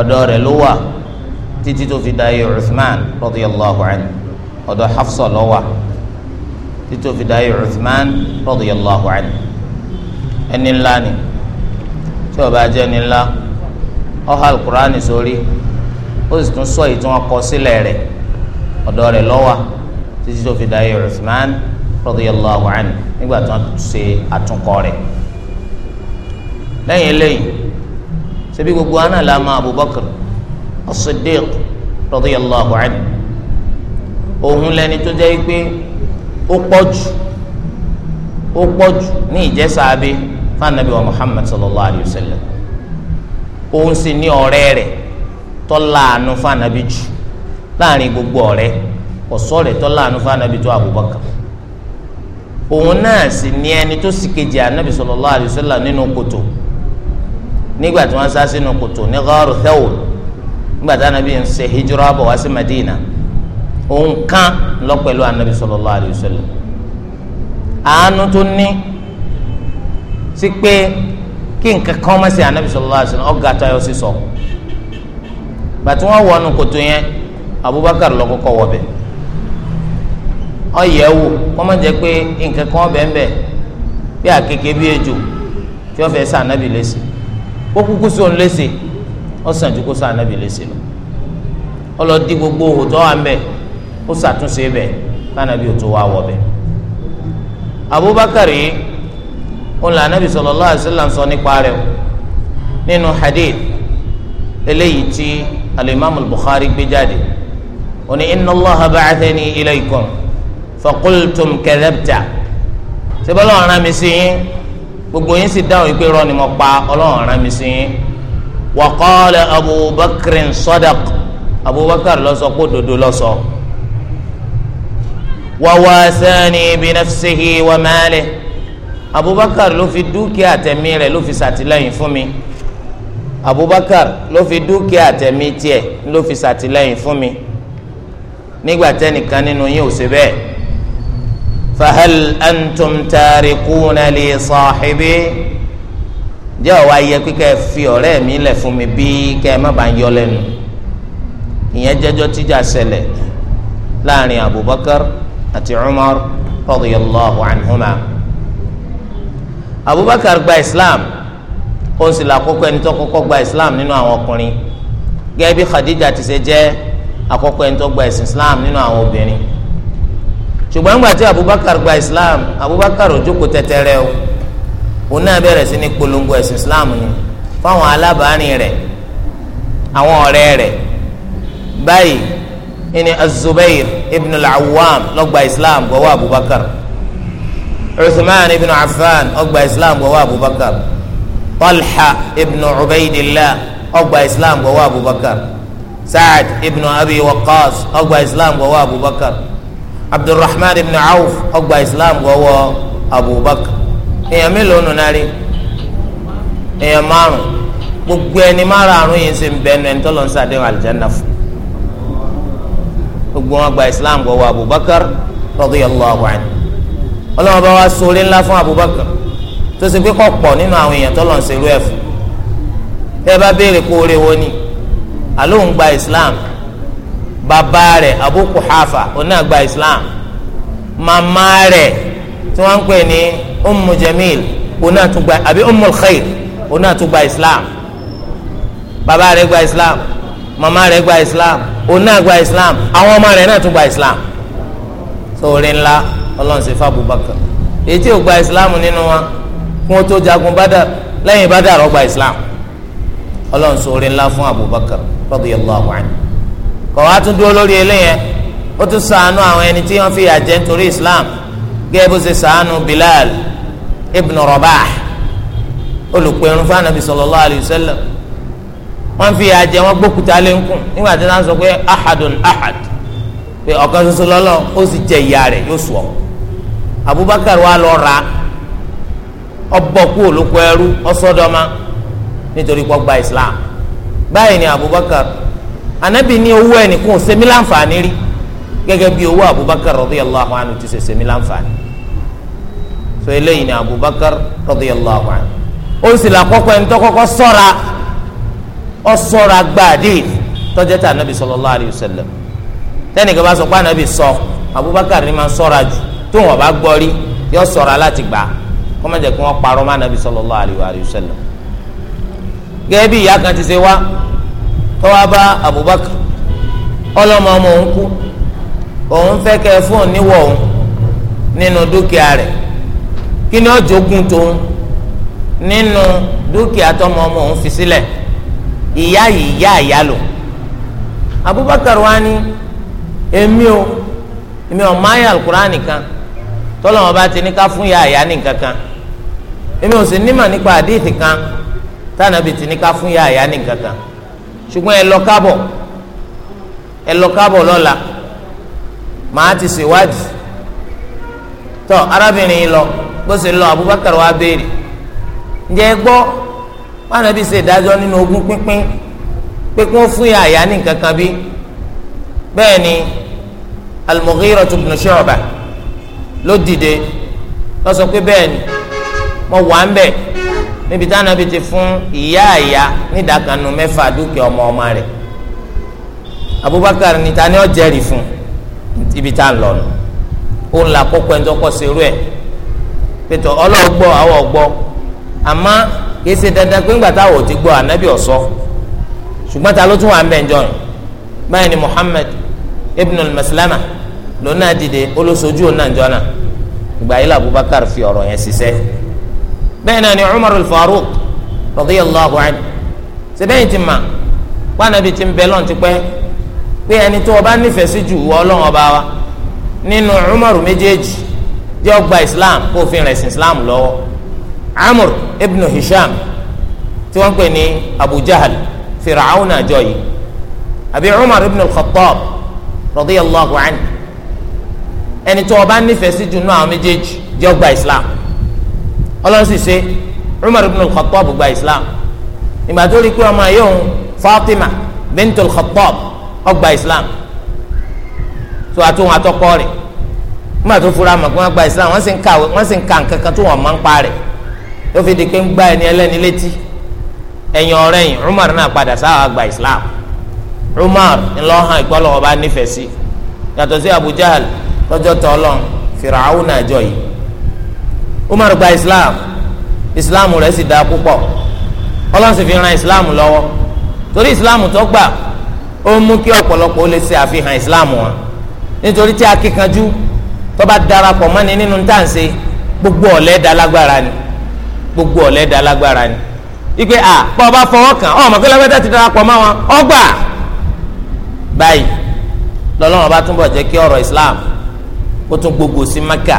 ọ̀dọ̀ rẹ̀ ló wà títí tó fi da ayé Uthman radiyallahu anhu ọ̀dọ̀ Hafsa ló wà títí tó fi da ayé Uthman radiyallahu anhu ẹni ńlá ni tí ó bá jẹ́ ẹni ńlá ó há alukurani sórí ó sì tún sọ èyí tí wọ́n kọ sílẹ̀ rẹ̀ ọ̀dọ̀ rẹ̀ ló wà títí tó fi da ayé Uthman radiyallahu anhu nígbà tí wọ́n ṣe àtúnkọ rẹ̀ lẹ́yìn eléyìí ṣebí gbogbo ana la ma abubakar as-siddiq radiyallahu anhu òun lẹni tó jẹ́ pé ó pọ̀jù ó pọ̀jù ní ìjẹ́sàábé fanabi wa muhammad sallallahu alayhi wa sallam òun sì ní ọ̀rẹ́ rẹ̀ tó láàánú fanabi jù láàrin gbogbo ọ̀rẹ́ ọ̀sọ́ rẹ̀ tó láàánú fanabi tó abubakar òun náà sì ní ẹni tó sì kejì anabi sallallahu alayhi wa sallam nínú kòtò. No nígbà tí wọ́n sá sínú kòtò ní nígbà tí anabi ń ṣe hijira bọ̀ wá sí Madina òun kan lọ anabi sallallahu alayhi wa sallam àánú tó ní sí pé kí nǹkan kan má anabi sallallahu alayhi wa sallam tayọ sí sọ bàtí wọ́n wọnú kòtò yẹn Abubakar lọ kọ́kọ́ wọbẹ̀ ọ̀yẹ̀wò kọ́mọ pé nǹkan kan bẹ́ẹ̀ bẹ́ẹ̀ bí akeke bí ejò tí ó kúkú sí òun léṣe ó sàn ju kó sọ ànábì léṣe lọ ọlọ́dí gbogbo òwò tó wà ń bẹ̀ ó ṣàtúnṣe bẹ̀ kánàbí ò tó wá wọ̀ bẹ̀. Abubakar yìí ó là ànábì sallallahu alaihi wasallam sọ nípa rẹ̀ o nínú hadith eléyìí tí alimami Bukhari gbé jáde ó ní inna Allaha ba'athani ilaykum faqultum kadhabta ṣé bọ́lá ọ̀ràn mi sí yín gbogbo yín sì dáhùn yìí pé irọ́ ni mo pa ọlọ́run rán mi sí yín wa qala abubakar sadaq abubakar ló sọ pé òdodo ló sọ wa wasani bi nafsihi wa malihi abubakar ló fi dúkìá tẹ̀mí rẹ̀ ló fi ṣàtìlẹ́yìn fún mi abubakar ló fi dúkìá tẹ̀mí tiẹ̀ ló fi ṣàtìlẹ́yìn fún mi nígbà tẹ́nìkan nínú yín ò ṣe bẹ́ẹ̀ fahal antum tarikuna li sahibi jẹ́ ọ̀wá yẹ kíkẹ́ fi ọ̀rẹ́ mi lẹ̀ fún mi bí kẹ́ ẹ má bàa yọ lẹ́nu ìyẹn jẹ́jọ́ tíjà ṣẹlẹ̀ láàrin abubakar àti umar radiyallahu anhuma abubakar gba islam ó sì là kọ́kọ́ ẹni tó kọ́kọ́ gba islam nínú àwọn ọkùnrin gẹ́gẹ́ bí khadija ti ṣe jẹ́ àkọ́kọ́ ẹni tó gba islam nínú àwọn obìnrin ṣùgbọ́n nígbà tí Abubakar gba Islam Abubakar ò jókòó tẹ́tẹ́rẹ́ o òun náà bẹ̀rẹ̀ sí ní polongo ẹ̀sìn Islam ni fáwọn alábàárìn rẹ̀ àwọn ọ̀rẹ́ rẹ̀ báyìí ẹni Az-Zubair ibn al-Awwam lọ́gba Islam gbọ́wọ́ Abubakar Uthman ibn Affan ọgbà Islam gbọ́wọ́ Abubakar Talha ibn Ubaidillah ọgbà Islam gbọ́wọ́ Abubakar Sa'ad ibn Abi Waqqas ọgbà Islam gbọ́wọ́ Abubakar abdulrahman ibn awf ọgbà islam wọ́wọ́ abubakar èèyàn mélòó nù náà rí èèyàn márùn gbogbo ẹni márùn yìí ń ṣe ń bẹnu ẹni tó lọ ń sàdéhùn aljanna fún gbogbo wọn gba islam wọ́wọ́ abubakar radiyallahu anhu ọlọ́wọ́n bá wá sóore ńlá fún abubakar tó ṣe pé kọ́ pọ̀ nínú àwọn èèyàn tó lọ ń ṣerú ẹ̀ fún bẹ́ẹ̀ bá béèrè kó oore wo ni àlóhùn gba islam bàbá rẹ̀ Abu Quhafa oná gba islam màmá rẹ̀ tí wọ́n ń pè ní Ummu Jamil oná tún gba àbí Ummul Khair oná tún gba islam bàbá rẹ̀ gba islam màmá rẹ̀ gba islam oná gba islam àwọn ọmọ rẹ̀ náà tún gba islam sórí ńlá Ọlọ́run sì fa Abubakar èyí ò gba islam nínú wa kún tó jagun Badar lẹ́yìn Badar ó gba islam Ọlọ́run sórí ńlá fún Abubakar radiyallahu anhu. kọ̀ wá tún dúró lórí eléyẹn ó tún sàánú àwọn ẹni tí wọ́n fi nítorí Islam gẹ́gẹ́ bó ṣe sàánú Bilal ibn Rabah olùpẹ̀rún fún anabi sallallahu alayhi wọ́n fi yà jẹ gbókùtà lẹ́ńkùn nígbà tí wọ́n sọ pé ahadun ahad pé ọ̀kan ṣoṣo lọ́lọ́ ó sì jẹ ìyá rẹ̀ yóò sùọ́ Abubakar wa lọ ra olùkọ́ ẹrú ọsọdọ́mà nítorí gba Islam báyìí ni anabi ní owó ẹnìkan ò ṣe mí láǹfààní rí gẹ́gẹ́ bí owó abubakar radiyallahu anhu ti ṣe ṣe mí láǹfààní so eléyìí ni abubakar radiyallahu anhu ó sì là kọ́kọ́ ẹni tó kọ́kọ́ sọ́ra ọ sọ́ra gbàdé tọ́jẹ́ tà anabi sallallahu alayhi wa sallam tẹ́nìkan bá sọ pé anabi sọ abubakar ni máa sọ́ra jù tó wọn bá gbọ́ rí yọ sọ́ra láti gbà kọ́mọ̀jẹ̀ kí wọ́n parọ́ mọ́ anabi sallallahu alayhi wa sallam gẹ́gẹ́ bí ìyá kan ti ṣe wá ó Abubakar ọlọ́mọ ọmọ òun kú òun fẹ́ kẹ́ fóun níwọ̀ òun nínú dúkìá rẹ̀ kí ni ó tóun nínú dúkìá ọmọ òun fi sílẹ̀ ìyá yìí Abubakar wa ni èmi o èmi ò nìkan tọ́lọ́mọ bá ti ní ká fún ìyá ìyá èmi ò sì nímọ̀ nípa àdéhìí kan tánàbì ṣùgbọ́n ẹ lọ kábọ̀ ẹ lọ kábọ̀ lọ́la màá ti ṣèwádìí tọ arábìnrin yìí lọ bó ṣe lọ Abubakar wa béèrè ǹjẹ́ ẹ gbọ́ wọn àbí ṣe ìdájọ́ nínú ogún pínpín pé kí wọ́n fún yàyà ní nǹkan kan bí bẹ́ẹ̀ ni Al-Mughira ibn Shu'bah ló dìde lọ pé bẹ́ẹ̀ ni mo wà ń bẹ́ẹ̀ níbi tí anabi ti fún ìyá ìyá nídàkanu mẹ́fà dúkìá ọmọ ọmọ rẹ̀ abubakar níta ni ó jẹ́rìí fún ibi tá à ń lọ nù ó ń la kókó ẹni tó kọ́ serú ẹ̀ pẹ̀tọ́ ọlọ́gbọ́ àwọn ọgbọ́ àmọ́ kìí ṣe dandan pé ńgbà táwọn ò ti gbọ́ anabi ọ̀sọ́ ṣùgbọ́n ta ló tún wà ń bẹ̀ ń jọyìn báyìí ni muhammed ibn al-maslama lónà dìde olóṣojú ọ̀nà ìjọ náà ìgbà yìí làbúbakar fi ọ̀rọ̀ yẹn ṣiṣẹ́ bẹ́ẹ̀ náà ni Umar al-Faruq radiyallahu anhu sẹ́bẹ̀yìn ti mà wà nàbí ti ń bẹ lọ́n ti pẹ́ pé ẹni tó o bá nífẹ̀ẹ́ sí jù wọ́ ọlọ́run ọba wa nínú Umar méjèèjì jẹ́ ọgbà Islam kó o fi rẹ̀ sí Islam lọ́wọ́ Amr ibn Hisham tí wọ́n pè ní Abu Jahal Fir'aun àjọ yìí àbí Umar ibn al-Khattab radiyallahu anhu ẹni tó o bá nífẹ̀ẹ́ sí jù nínú àwọn méjèèjì jẹ́ ọgbà Islam ọlọ́run sì ṣe umar ibn al-khattab gba islam ìgbà tó rí pé ọmọ yìí òun fatima bint al-khattab ọgbà islam tó àtúwọn àtọkọ rẹ̀ nígbà tó fura mọ̀ pé wọ́n gba islam wọ́n sì ń kàwé wọ́n sì ń ka nǹkan kan tó wọ́n máa ń pa rẹ̀ tó fi di pé ń gbá ẹni ẹlẹ́ni létí ẹ̀yìn ọ̀rẹ́ yìí umar náà padà sáwà gba islam umar ńlọ́hàn ìgbọ́lọ́wọ́ bá nífẹ̀ẹ́ sí yàtọ̀ sí abu jahl lọ́jọ́ tọ́lọ́ fìràwọ́ náà jọ yìí Umar gba islam islam rẹ̀ sì dáa púpọ̀ Ọlọ́run sì fi ran islam lọ́wọ́ torí islam tó gbà ó mú kí ọ̀pọ̀lọpọ̀ ó lè ṣe àfihàn islam wọn nítorí tí akíkanjú tó bá darapọ̀ mọ́ni nínú tá à ń ṣe gbogbo ọ̀lẹ́ da lágbára ni gbogbo ọ̀lẹ́ da lágbára ni ipe a bá ọba kàn ọ mọ̀ kí lọ́gbẹ́dá ti darapọ̀ mọ́ wọn ọgbà báyìí lọ́lọ́run ọba túnbọ̀ jẹ́ kí ọ̀rọ̀ islam kó tún gbogbo sí maka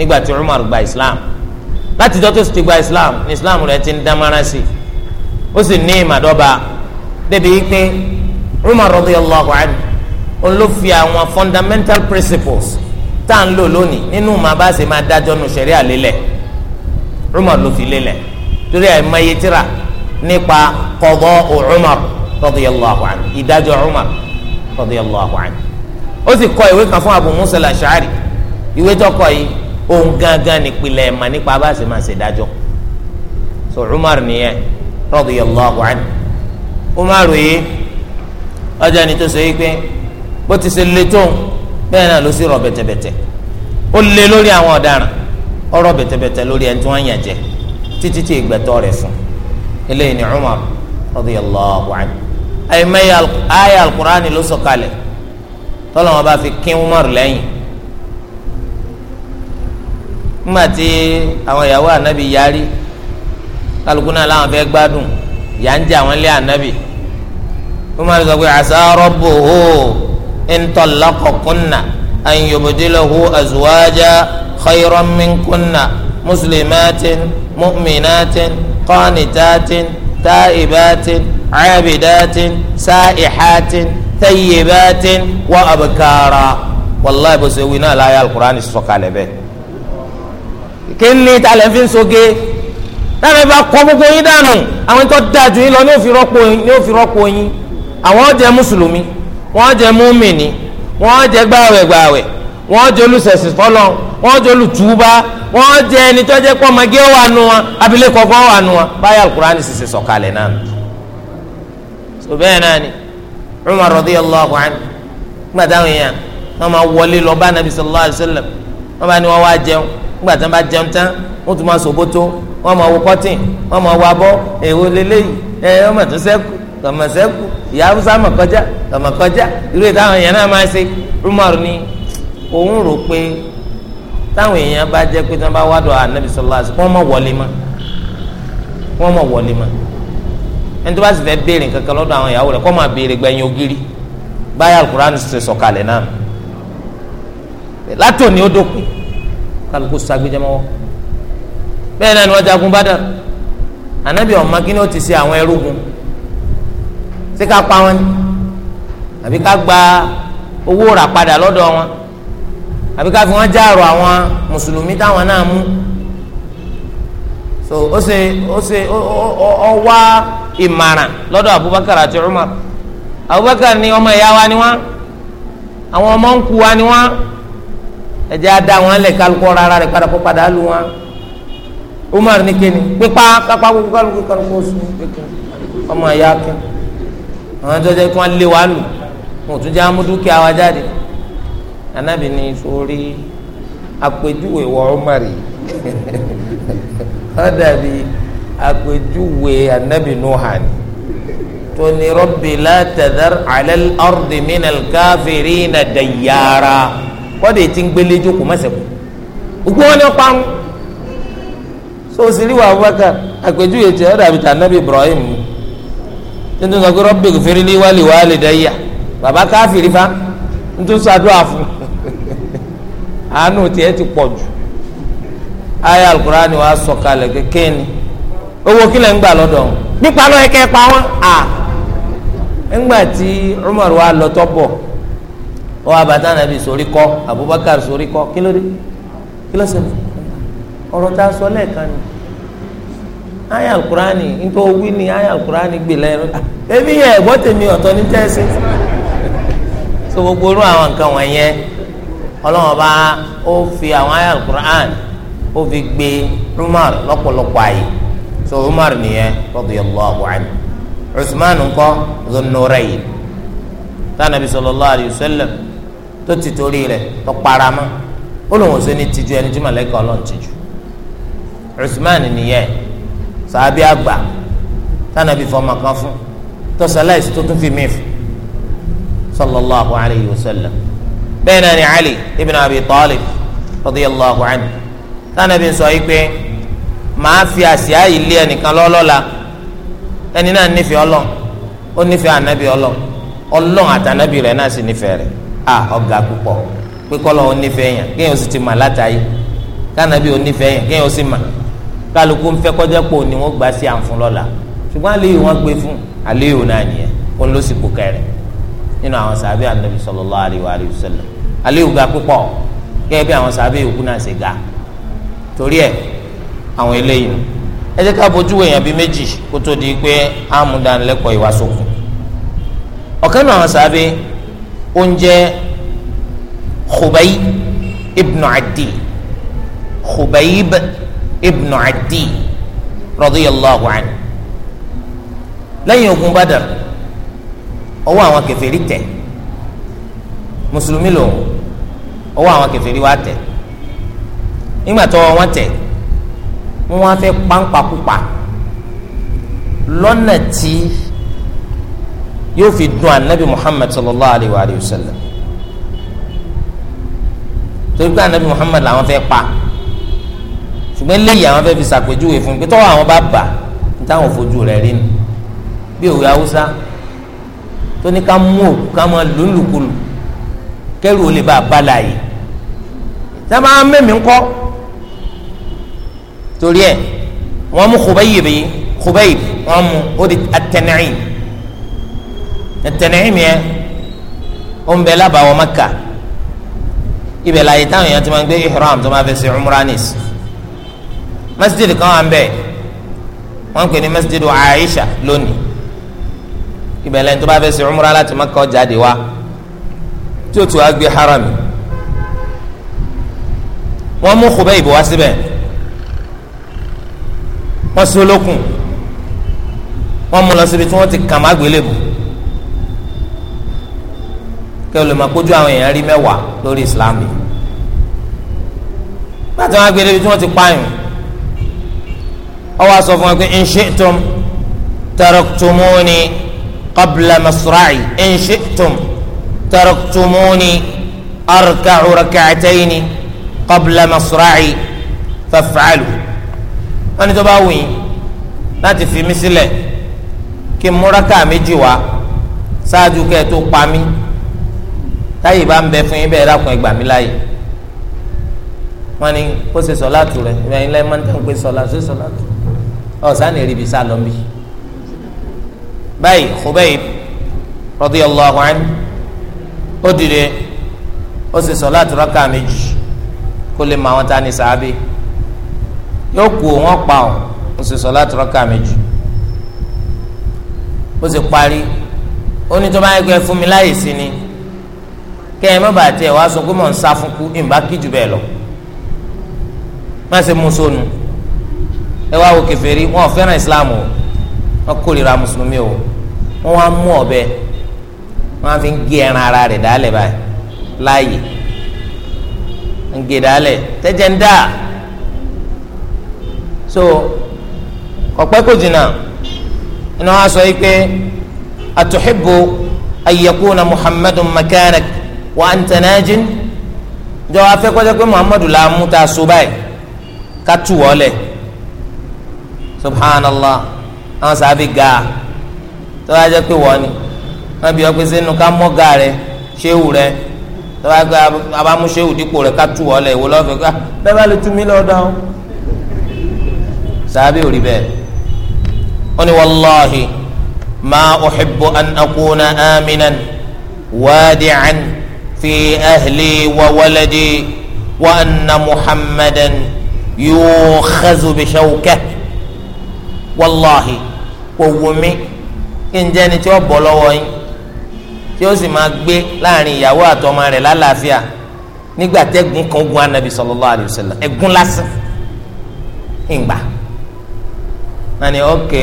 nígbà tí Umar gba Islam látijọ́ tó sì ti gba Islam ní Islam rẹ̀ ti ń dámárán sí ó sì ní ìmàdọ́ba débi pé Umar radiyallahu anhu òun ló fi àwọn fundamental principles tá à ń lò lónìí nínú màá bá ṣe máa dájọ́ nu ṣẹ̀ríà lélẹ̀ Umar ló fi lélẹ̀ torí àìmọye tíra nípa qada Umar radiyallahu anhu ìdájọ́ Umar radiyallahu anhu ó sì kọ ìwé kan fún Abu Musa al ìwé tó kọ yìí ohun gangan nípìnlẹ̀ ẹ̀ma nípa bá a sì máa ṣèdájọ́ so Umar nìyẹn radiyallahu anhu Umar yìí ọjà ni tó ṣe yí pé bó ti ṣe le tóun bẹ́ẹ̀ náà ló sì rọ bẹ̀tẹ̀bẹ̀tẹ̀ ó le lórí àwọn ọ̀daràn ó rọ bẹ̀tẹ̀bẹ̀tẹ̀ lórí ẹni tí wọ́n yàn jẹ títí tí ìgbẹ́tọ́ rẹ̀ fún eléyìí ni Umar radiyallahu anhu àyè mẹ́yà ayé al-Qur'ani ló sọ̀kalẹ̀ tọ́lọ́wọ́n bá fi kín Umar lẹ́yìn nígbà tí àwọn ìyàwó ànábì yarí kálukú náà làwọn fẹ́ gbádùn yà ń jẹ àwọn ilé ànábì umar sọ pé àṣà rabbuhu in tallaqakunna an yubdilahu azwaja khayran minkunna muslimatin mu'minatin qanitatin ta'ibatin abidatin sa'ihatin tayyibatin wa abkara wàllayi bó ṣe wí náà láyé alukur'an sọ̀kalẹ̀ bẹ́ẹ̀. kíni ta lẹ́ fi ń soge táwọn ìbá kọ́ gbogbo yín dànù àwọn tó dáa jù yín lọ ní òfin rọ́pò yín ní òfin yín àwọn mùsùlùmí wọ́n jẹ́ múmìnì wọ́n jẹ́ gbàwẹ̀ wọ́n jẹ́ olùsẹ̀sìn fọlọ́ wọ́n jẹ́ olùtúbà wọ́n jẹ́ ẹni tó wà ni yẹn máa wọlé lọ bá anabi nígbà tí wọ́n bá jẹun tán wọ́n tún máa sòbótó wọ́n máa wo kọ́tìn wọ́n máa wo abọ́ èwo leléyìí ẹ wọ́n máa tún sẹ́kù kàmá sẹ́kù ìyá haúsá mọ̀ kọjá kàmá kọjá irú ètò àwọn èèyàn náà máa ṣe rúmọ̀rù ni òun rò pé táwọn èèyàn bá jẹ́ pé tí wọ́n bá wádọ̀ ànábì sọlá sí wọ́n mọ̀ wọlé mọ́ wọ́n mọ̀ wọlé mọ́ ẹni tó bá sì fẹ́ béèrè nǹkan kan lọ́dọ̀ àwọn ìyàwó rẹ̀ kó máa béèrè gbẹ̀yìn ògiri báyà alukur'an ṣe sọ̀kalẹ̀ náà látòní ó dópin kálukú sagbẹjẹmọwọ bẹ́ẹ̀ náà ni wọ́n jagun Badar anabi ọmọ kí ni ó ti ṣe àwọn ẹrúgun ṣé ká pa wọn ni àbí ká gba owó rà padà lọ́dọ̀ wọn àbí ká fi wọn jáàrọ àwọn mùsùlùmí táwọn náà mú so ó ṣe ó ṣe ó wá ìmàràn lọ́dọ̀ Abubakar àti Umar Abubakar ni ọmọ ìyá wa ni wọn àwọn ọmọ ń kú wa ni wọn ẹ̀jẹ̀ á dá wọn lẹ̀ kálukú ọ̀rọ̀ ara rẹ̀ padà kó padà lu wọn Umar ní kíni pípa kápá gbogbo kálukú kálukú oṣù pínpín ọmọ ẹ̀yà kín àwọn tó jẹ́ kí wọ́n lé wa lù wọn ò tún jẹ́ amúdúkìá wa jáde Ànábì ní sórí àpèjúwe wọ Umar yìí ó dàbí àpèjúwe Ànábì Nuhan tóní Rabbi la tadhar ala al-ardi kọ́dọ̀ ètí ń gbélé jókòó mọ́sẹ̀kù gbogbo wọn ni wọ́n so òsìrí wa Abubakar àpèjúwe tí ọ̀dà àbí tànàbí Ibrahim tuntun sọ wálé wálé dẹ́yà bàbá káfíìrì fa nítorí àánú tiẹ̀ ti pọ̀ jù ayé kékeré ni owó kílẹ̀ ń gbà lọ́dọ̀ nípa lọ́yẹ̀kẹ́ pa à ó wá bàtà nàbì sórí kọ́ Abubakar sórí kọ́ kí ló dé kí ló ṣẹlẹ̀ ọ̀rọ̀ tá a sọ lẹ́ẹ̀kan ni aya alukurani nítorí owí ni aya alukurani gbè lẹ́nu ebi ah, yẹ ẹ̀gbọ́n tèmi ọ̀tọ̀ ní tẹ́sí so gbogbo orú àwọn nǹkan wọ̀nyẹn ọlọ́wọ́n bá ó fi àwọn aya alukurani ó fi gbé Umar lọ́pọ̀lọpọ̀ àyè so Umar nìyẹn radiyallahu anhu Usman ńkọ́ Dhun-Nurayn sallallahu alayhi wa sallam tó ti torí rẹ̀ tó para mọ́ ó lóun ò sí ní tijú ẹni tí màlẹ́kà ọlọ́run ti jù Usman nìyẹn sàábì àgbà tànàbí fọmọ kan fún tọ́sálàìsì tó tún fi mí fún sallallahu alayhi wa sallam bẹ́ẹ̀ náà ni Ali ibn Abi Talib radiyallahu anhu tànàbí sọ yìí pé màá fi àsíá yìí lé ẹnìkan lọ́lọ́la ẹni náà nífẹ̀ẹ́ ọlọ́run ó nífẹ̀ẹ́ ànábì ọlọ́run ọlọ́run àtànábì rẹ̀ náà sì nífẹ̀ẹ́ rẹ̀ a ọ̀gá púpọ̀ pé kọ́lọ̀ onífẹ̀ẹ́ yàn kéèyàn sì ti mà látàyè kánàbí onífẹ̀ẹ́ yàn kéèyàn sì mà kálukú ń fẹ́ kọjá pò ní wọ́n gbà sí àǹfọ̀n lọ́la ṣùgbọ́n àlẹ́ yìí wọ́n gbé fún àlẹ́ yìí náà nìyẹn ó ló sì kú kẹrin nínú àwọn sàbẹ̀ ànábì sallallahu alaihi wa sallam àlẹ́ yìí ga púpọ̀ gẹ́gẹ́ bí àwọn sàbẹ̀ yòókù náà ṣe ga torí ẹ̀ àwọn eléyìí ẹ jẹ́ ká bójú èèyàn bíi méjì kó tó di pé àmúdánilẹ́kọ̀ọ́ ìwà sókun ọ̀kan náà àwọn sàbẹ̀ oúnjẹ Khubayb ibnu Adi Khubayb ibnu Adi radiyallahu anhu lẹ́yìn ogun Badr ọwọ́ àwọn kèfèrí tẹ̀ mùsùlùmí lòun ọwọ́ àwọn kèfèrí wa tẹ̀ nígbà tó wọ́n tẹ̀ wọ́n wá fẹ́ pàǹpàkùpà lọ́nà tí yóò fi dùn anabi muhammad sallallahu alayhi wa alayhi wa sallam torí pé anabi muhammad làwọn fẹ́ pa ṣùgbọ́n eléyìí àwọn fẹ́ fi ṣàpèjúwe fún un pé tọ́wọ́ àwọn bá bà ní táwọn fojú rẹ̀ rí ni bí òwe haúsá tó ní ká mú òkú ká máa lòlùkulù kẹ́rù ó lè bá a bá láàyè sábà mẹ́mí ńkọ́ torí ẹ̀ wọ́n mú Khubayb yìí Khubayb wọ́n mú ó di at Tan'im yẹn ó ń bẹ lábàáwọ Mẹ́kà ibẹ̀ láàyè táwọn èèyàn ti máa ń gbé ihram tó máa fẹ́ ṣe umranis masjid kan wà ń bẹ wọ́n ń pè ní masjid Aisha lónìí ibẹ̀ lẹ́yìn tó bá fẹ́ ṣe umra láti Mẹ́kà ó jáde wá tí o tù wá gbé haram wọ́n mú Khubayb wá síbẹ̀ wọ́n so lókun mú lọ síbi tí wọ́n ti kàn má kẹ́ ọ lè máa kójú àwọn èèyàn rí mẹ́wàá lórí islam yìí gbàtí wọn gbé débi tí wọn ti pààyàn ọwọ́ àsọ fún wọn pé in shi'tum taraktumuni qabla masra'i in shi'tum taraktumuni arka'u rak'atayni qabla masra'i faf'alu wọn ni tó bá wù yín láti fi mí sílẹ̀ kí n méjì wá ṣáájú kẹ́ ẹ tó pa mí táyì bá ń bẹ fún yín bẹ́ẹ̀ dákun ẹgbà mí láàyè wọn ni kó ṣe sọlá tù rẹ ìgbà yín lẹ́yìn máa ń tẹ̀ ń pé sọlá ṣe sọlá tù ọ̀sán èrè ibi sá lọ bí. báyìí Khubayb radiyallahu anhu ó dìde ó ṣe sọlá tù rákà méjì kó lè mọ àwọn tá a sàábì yóò kú wọn pa ọ ó ṣe sọlá tù rákà méjì ó sì parí ó ní tó bá yẹ kó ẹ fún mi láyè sí ni kẹ́ ẹ má bàa tiẹ̀ wá sọ pé mò ń sá fún kú ìmbá kí jù bẹ́ẹ̀ lọ má ṣe mú sónù ẹ wá wo kèfèrí wọn ò fẹ́ràn islam o wọn kórìíra mùsùlùmí o wọn wá mú ọ̀bẹ wọn fi ń gé ẹran ara rẹ̀ dálẹ̀ báyìí láàyè ń gé dálẹ̀ tẹ́jẹ̀ ń dà so ọ̀pẹ́ kò jìnnà iná wa sọ yìí pé atuhibbu ayyakuna muhammadun makanak wa anta najin jọ afẹ́ kọjá pé muhammadu la mú ta so báyìí ká tù wọ́ lẹ̀ subhanallah àwọn sábẹ́ ga tó bá jẹ́ pé wọ́n ni wọ́n bí wọ́n pèsè nínú ká mọ́ ga rẹ̀ ṣéwù rẹ̀ tó bá gbé abámu ṣéwù dípò rẹ̀ ká tù wọ́ lẹ̀ ìwọ lọ́fẹ̀ẹ́ ká bẹ́ẹ̀ bá lè tú mi lọ́ọ́ dáhùn ma uhibbu an akuna aminan wadi'an. في أهلي وولدي وأن محمدا يؤخذ بشوكه والله وومي إن جاني توبو لوين tí ó sì máa gbé láàrin ìyàwó àtọmọ rẹ̀ lálàáfíà nígbà tẹ́gùn kan gun anabi sallallahu alayhi wa sallam ẹ̀gún lásán ìgbà nani ọkẹ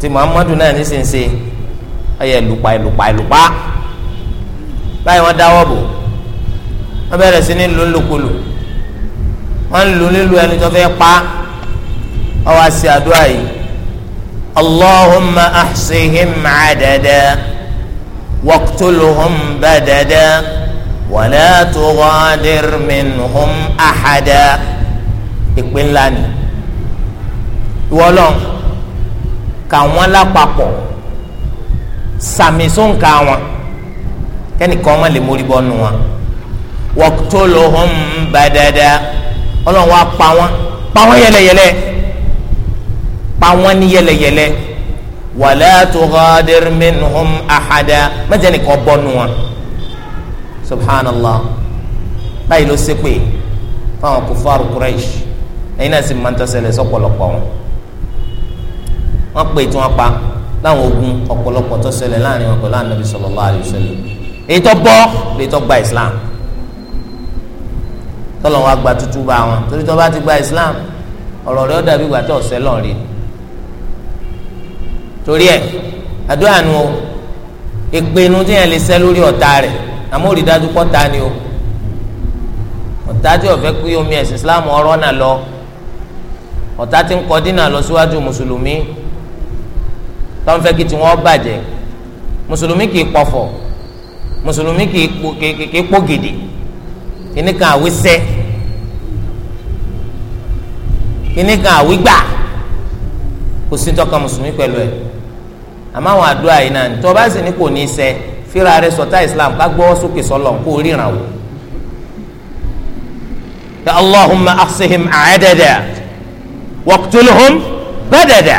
tí muhammadu náà ní sèse ẹyẹ lùpà ẹlùpà ẹlùpà báyìí wọ́n dáwọ́ bò wọ́n bẹ̀rẹ̀ sí ní lò ńlòkulò wọ́n lò nílò ẹni tó fẹ́ pa ọwọ́ àti àdúrà yìí allahumma ahsihim adada waqtuluhum badada wala tughadir minhum ahada ìpín ńlá wọlọ́n kà wọ́n lápapọ̀ sàmì sóǹkà wọn kẹ́nìkan má lè mórí bọ́ nu wọn waqtuluhum badada ọlọ́run wa pa wọn pa wọn yẹlẹyẹlẹ pa wọn ní yẹlẹyẹlẹ wala tughadir minhum ahada mẹ́jẹ nìkan bọ́ nu wọn subhanallah báyìí ló ṣe pé fáwọn kufaru Quraysh ẹ̀yin náà sì máa ń tọ́sẹ̀lẹ̀ sọ́pọ̀lọpọ̀ wọn wọ́n pè tí wọ́n pa láwọn ogun ọ̀pọ̀lọpọ̀ tọ́sẹ̀lẹ̀ láàrin wọn pẹ̀lú ànábi sallallahu alaihi wasallam èyí tó bọ́ lè gba islam tọ́lọ̀ wọn gba tútú bá wọn torí tó ti gba islam ọ̀rọ̀ rẹ̀ ó dàbí ìgbà tó ọ̀sẹ̀ lọ́ọ̀ rí torí ẹ̀ àdúrà nu o ìpinnu tí yẹn lè ṣe lórí ọ̀tá rẹ̀ àmọ́ dájú kọ́ ni o ọ̀tá tí ọ̀fẹ́ pé omi ẹ̀sìn islam ọ̀rọ̀ náà lọ ọ̀tá tí ń kọ́ dínà lọ síwájú mùsùlùmí tó ń fẹ́ kí tiwọn bàjẹ́ mùsùlùmí kì í pọ̀fọ̀ mùsùlùmí kì í kpó kì í kpó gidi kìíní kan àwí sẹ kìíní kan àwí gbà kò sí tọ́ka mùsùlùmí pẹ̀lú ẹ̀ àmọ́ àwọn àdúrà yìí náà tó o bá sì ní kò ní í sẹ fíra rẹ sọ̀tá islam ká gbọ́ sókè sọlọ kó o ríran wò ya allahumma aksihim àádẹ́dẹ́ waqtulhum bẹ́dẹ́dẹ́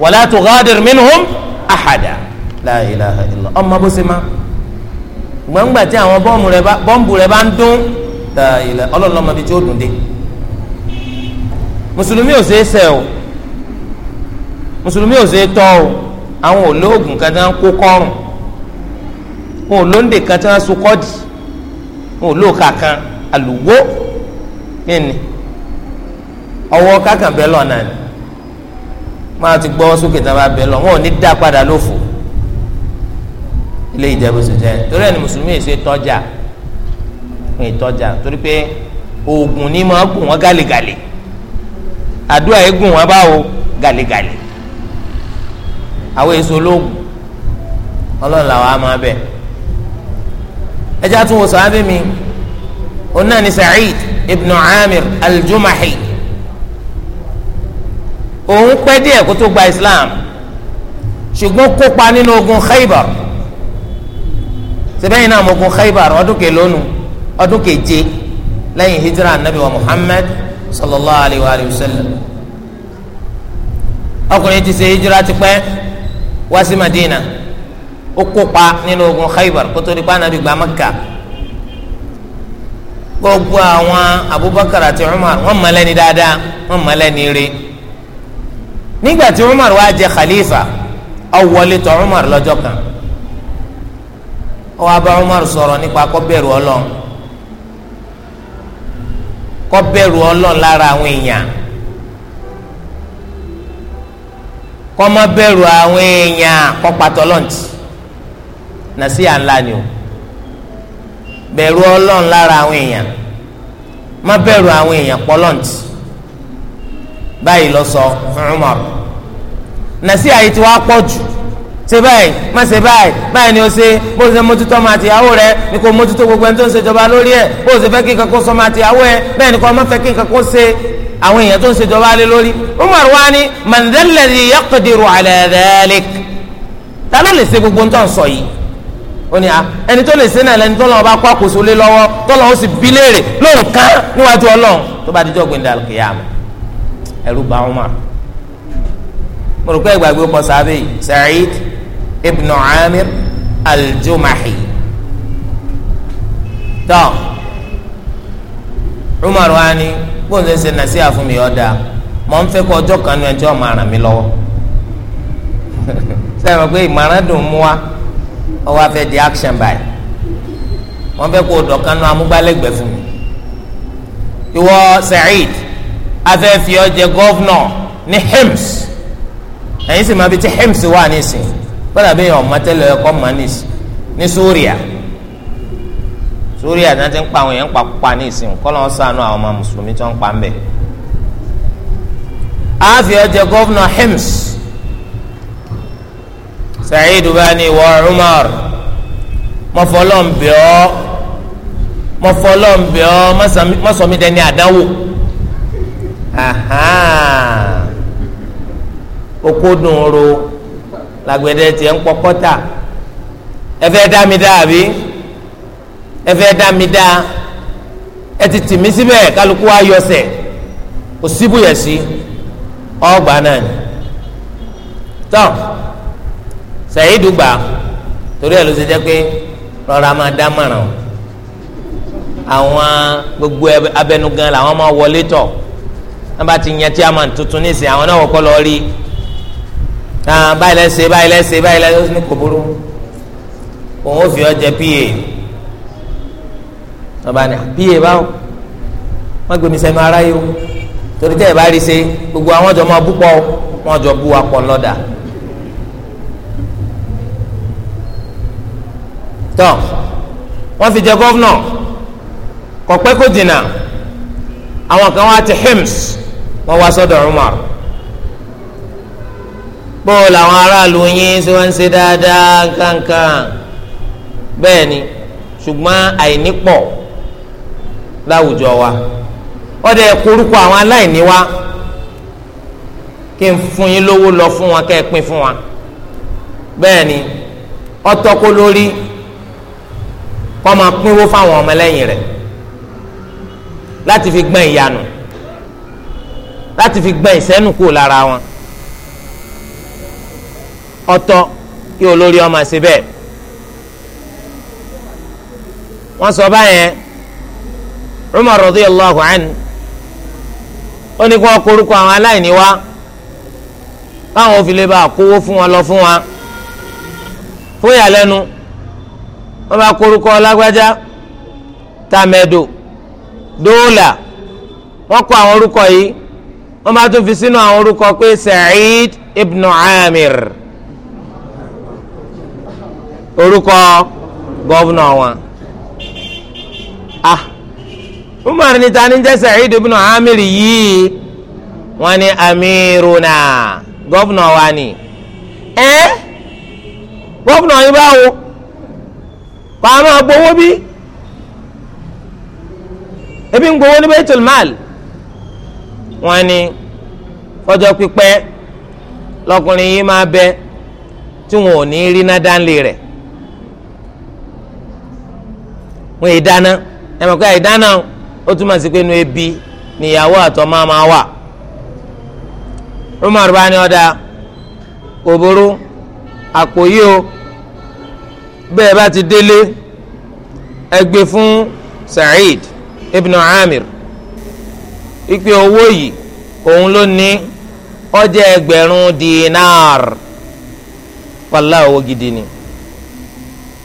wala tughadir minhum ahada la ilaha illa ọmọ bó ṣe máa gbọ̀ngbà tí àwọn bọ́ọ̀mù rẹ bá bọ́ǹbù rẹ bá ń dún ta ilẹ̀ ọlọ́ọ̀lọ́mọ bíi tí ó dùn dé mùsùlùmí ò ṣeé ṣe o mùsùlùmí ò ṣeé tọ́ o àwọn olóògùn kan tí wọ́n kó kọ́rùn wọn ò lóńdè kan tí wọ́n so kọ́dì wọn ò lóòka kan àlùwó kíni ọwọ́ kákan bẹ́ẹ̀ lọ́nà ni máa ti gbọ́ sókè tí wọ́n bá bẹ́ẹ̀ lọ wọn ò ní dá padà lófo ilé ìjẹ́bù sì jẹ́ torí ẹni mùsùlùmí èso ìtọ́jà ìtọ́jà torí pé oògùn ni máa gùn wọ́n gàlégàlé àdúrà yìí gùn wọ́n báwo gàlégàlé àwọn èso lóògùn ọlọ́run làwọn á máa bẹ̀ ẹjẹ́ àtúnwò sàábẹ́ mi òun náà ni Sa'id ibn Amir al òun pẹ́ díẹ̀ kó tó gba Islam ṣùgbọ́n kópa nínú ogun Khaybar sẹ́bẹ̀yìn náà mogun Khaybar ọdún kẹlónù ọdún keje lẹ́yìn hijira anabi wa Muhammad sallallahu alayhi wa sallam ọkùnrin ti ṣe hijira ti pẹ́ wá sí Madina ó kópa nínú ogun Khaybar kótó nípa anabi gba Mẹ́kà gbogbo àwọn Abubakar àti Umar wọn mọ lẹ́ni dáadáa wọn mọ lẹ́ni rí nígbà tí Umar wá jẹ khalifa ó wọlé Umar lọ́jọ́ kan. ó wá bá Umar sọ̀rọ̀ nípa kọ́bẹ̀rù ọlọ́run kọ́bẹ̀rù ọlọ́run lára àwọn èèyàn kọ́mọ bẹ̀rù àwọn èèyàn kọ́pàtọ́ lọ́ǹtì nàṣí àńlá ni o bẹ̀rù ọlọ́run lára àwọn èèyàn má bẹ̀rù àwọn èèyàn pọ̀ lọ́ǹtì báyìí lọ sọ Umar nàṣí àyè jù. ṣe báyìí má ṣe báyìí báyìí ni o ṣe bó ṣe mójútó ọmọ àtìyàwó rẹ ni kò mójútó gbogbo ẹni tó ń ṣèjọba lórí ẹ bó ṣe fẹ́ kí nǹkan kó sọmọ àtìyàwó ẹ bẹ́ẹ̀ ni kò má fẹ́ kí nǹkan kó ṣe àwọn èèyàn tó ń ṣèjọba lé lórí. Umar wa ni man dhal ladhi yaqdiru ala dhalik ta ló lè ṣe gbogbo ń sọ yìí ó ní a ah, ẹni tó lè ṣe náà lẹni tó lọ́wọ́ bá kó àkóso lé lọ́wọ́ tó lọ́wọ́ sì bí léèrè lóǹkan níwájú Ọlọ́run tó bá dijọ́ gbẹ̀ndẹ̀ alùkìyàmù ẹ̀rù bá Umar mo rò pé ìgbàgbé kọ sábẹ́ ibn amir aljumahi tọ́ umar wa ni bóun ṣe ń ṣe nàṣíà fún mi ọ̀dà mọ̀ ń fẹ́ kọ́ ọjọ́ kan nu ẹjọ́ máa ràn mí lọ́wọ́ sẹ́wọ̀n pé ìmọ̀ràn dùn mú wa ọwọ́ afẹ́ di action by wọ́n fẹ́ kó dọ̀kan nu amúgbálẹ́gbẹ̀ẹ́ fún mi ìwọ Said afẹ́ fi ọ jẹ gọ́vnọ̀ ní Hims ẹ̀yin sì máa bi tí Hims wà nísìnyí kọ́dà bí èèyàn ọ̀ma tẹ́lẹ̀ ẹ̀kọ́ manis ní Súríà Súríà náà ti ń pa àwọn èèyàn papà ní ìsìn kọ́lọ́ wọn sànú àwọn ọmọ mùsùlùmí tó ń pa ń bẹ̀. àáfíà jẹ gọ́vnà Hims Sa'id Bani wa Umar mọ̀fọ́lọ́ǹbẹ̀ ọ́ mọ̀fọ́lọ́ǹbẹ̀ ọ́ mọ̀sọ̀mídẹ́ni àdánwò okó dùn ro làgbẹ̀dẹ tiẹ̀ ń pọkọ́ tà ẹ fẹ́ dá mi dá àbí ẹ fẹ́ dá mi dá ẹ ti tì mí síbẹ̀ kálukú wa yọsẹ̀ kò síbùyẹ̀ sí ọgbà náà ni tọ́ sẹ̀yìn dùgbà torí ẹ̀ ló pé rọra máa dá mọ̀ràn o àwọn gbogbo abẹnugan làwọn máa wọlé tọ̀ wọn bá ti yan tí a máa tuntun nísìnyí àwọn náà wọ́pọ̀ lọ rí náà ah, báyìí lẹ́sẹ̀ báyìí lẹ́sẹ̀ báyìí lẹ́sẹ̀ ó sì ní kò burú òun ò fi ọjẹ pa ọba ni pa báwo wọn gbé mi sẹ́nu ara yìí o torí tẹ́ ẹ̀ bá rí ṣe gbogbo àwọn ọjọ́ máa bú pọ̀ wọn jọ bú wa pọ̀ lọ́dà. tọ́ wọ́n fi jẹ gọ́vnọ̀ kọ̀pẹ́ kò dìnnà àwọn kan wá ti hims wọ́n wá sọ́dọ̀ Umar. So bóò làwọn aráàlú yín ṣé wọ́n ń ṣe dáadáa kankan bẹ́ẹ̀ ni ṣùgbọ́n àìní pọ̀ láwùjọ wa ọdẹ korúkọ àwọn aláìní wa kí n fún yín lówó lọ fún wọn kẹ́ ẹ pín fún wa bẹ́ẹ̀ ni ọtọ́kó lórí kọ́ máa pínwó fáwọn ọmọlẹ́yìn rẹ̀ láti fi gbọ́n ìyanu láti fi gbọ́n ìsẹ́nu kúrò lára wọn ọ̀tọ̀ kí olórí ọmọ ṣe bẹ́ẹ̀ wọ́n sọ báyẹn Umar radiyallahu anhu ó ní kí wọ́n korúkọ àwọn aláìní wá káwọn òfin lè bá kówó fún wọn lọ fún wa fún ìyàlẹ́nu wọ́n bá korúkọ lágbájá tàmẹ̀dò dóòlà wọ́n kọ àwọn orúkọ yìí wọ́n bá tún fi sínú àwọn orúkọ pé Sa'id ibn Amir orúkọ gọ́vnà wọn. ah umar ni tani jẹ́ Sa'id ibn Amir yìí wọ́n ní amiruna gọ́vnà wa ni. ẹ gọ́vnà yìí báwo kọ́ a máa gbowó bí ebi ń gbowó ní Baitul Mal wọ́n ní fọjọ́ pípẹ́ lọkùnrin yìí máa bẹ tí wọn ò ní rí náà dánlé rẹ̀ wọn yìí dáná ẹ mọ̀ pé àìdáná ó túmọ̀ sí pé inú ebi níyàwó àtọmọ máa wà Umar bá ní ọ̀dà kò burú àpò yìí o bẹ́ẹ̀ bá ti délé ẹ gbé fún Sa'id ibn Amir ìpè owó yìí òun ló ní ó ẹgbẹ̀rún dinar wàlá owó gidi ni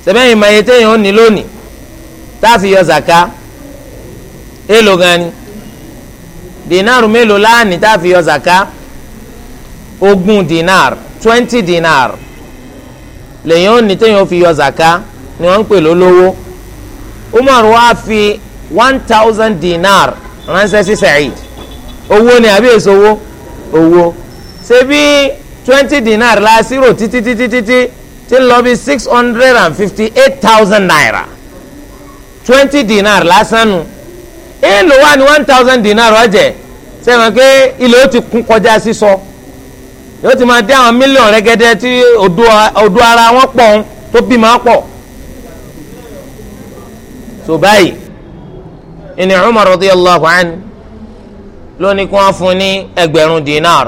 sẹ́bẹ̀yìn mayete ó ní lónìí táàfi yọ zaka èlò gan ni dinaru mélòó láàánì táàfi zaka ogún dinar twenty dinar lèyìn òní téèyàn fi yọ zaka ni wọ́n ń pè lólówó Umar wá fi one thousand dinar ránṣẹ́ sí Sa'id owó ni àbí èso owó owó ṣe bí twenty dinar la ṣírò títí títí títí tí ń lọ bí six hundred and fifty eight thousand naira twenty dinar lásán nu èèlò wa ni one thousand dinar ọjẹ sẹ́wọ̀n pé ilẹ̀ ó ti kún kọjá sísọ yóò ti máa dé àwọn mílíọ̀nù rẹ́gẹ́dẹ́ tí odò ara wọn pọ̀ ń tó bí máa pọ̀ tó báyìí ìní Umar radiyallahu anhu lónìí kí wọ́n fún ní ẹgbẹ̀rún dinar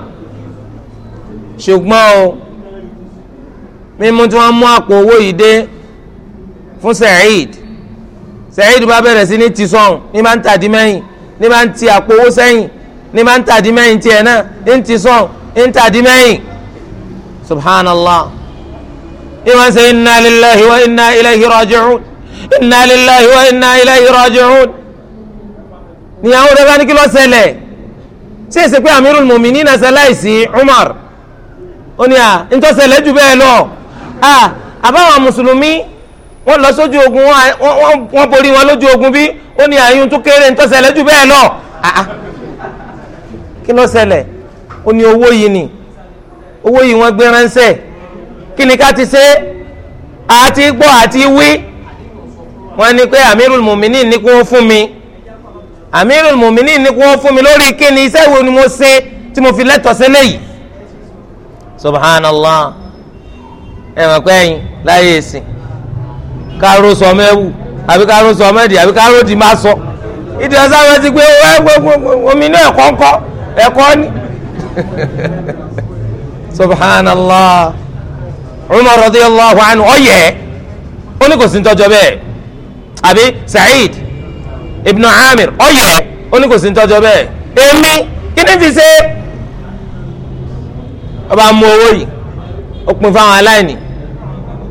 ṣùgbọ́n o mímú tí wọ́n mú àpò owó yìí dé fún Sa'id Saheed bá bẹ̀rẹ̀ sí ní ti sọ̀hún ní máa ń tàdí mẹ́yìn ní máa ń ti àpò owó sẹ́yìn ní máa ń tàdí mẹ́yìn tiẹ̀ náà ń ti sọ̀hún ń tàdí mẹ́yìn subhanallah ìwọ̀n ṣe inna lillahi wa inna ilayhi raji'un inna lillahi wa inna ilayhi raji'un níyàwó rẹ bá ní kí ló ṣẹlẹ̀ ṣé èsì pé amirul mu'minin náà ṣaláìsí Umar ó ní à ń tó ṣẹlẹ̀ jù bẹ́ẹ̀ lọ àbáwọn mùsùlùmí wọ́n lọ sójú ogun wọ́n borí wọn lójú ogun bí ó ní àyún tó kéré ń tọ́sẹ̀lẹ̀ jù bẹ́ẹ̀ lọ ah, ah. kí ló ṣẹlẹ̀ ó ní owó yìí ni owó yìí wọ́n gbé ránṣẹ́ kí ni ká ti ṣe àti gbọ́ àti wí wọ́n ní pé amirul muminin ní kó fún mi amirul muminin ní kó fún mi lórí kí ni iṣẹ́ wo ni mo ṣe tí mo fi lẹ́tọ̀ọ́ sí léyìí subhanallah ẹ̀ mọ̀ pé ẹ̀yin láyé ìsìn káró sọmọ ẹwù àbí káró sọmọ ẹdì àbí káró di máa sọ ìdílé sábà ti pé omi inú ẹ̀kọ́ ńkọ́ ẹ̀kọ́ ni subhanallah umar radiyallahu anhu ọ̀yẹ́ ó ní kò sí ntọ́jọ́ bẹ́ẹ̀ àbí sa'id ibn amir ọ̀yẹ́ ó ní kò sí ntọ́jọ́ bẹ́ẹ̀ èmi kí ni ti ṣe ọba mú owó yìí ó pin fáwọn aláìní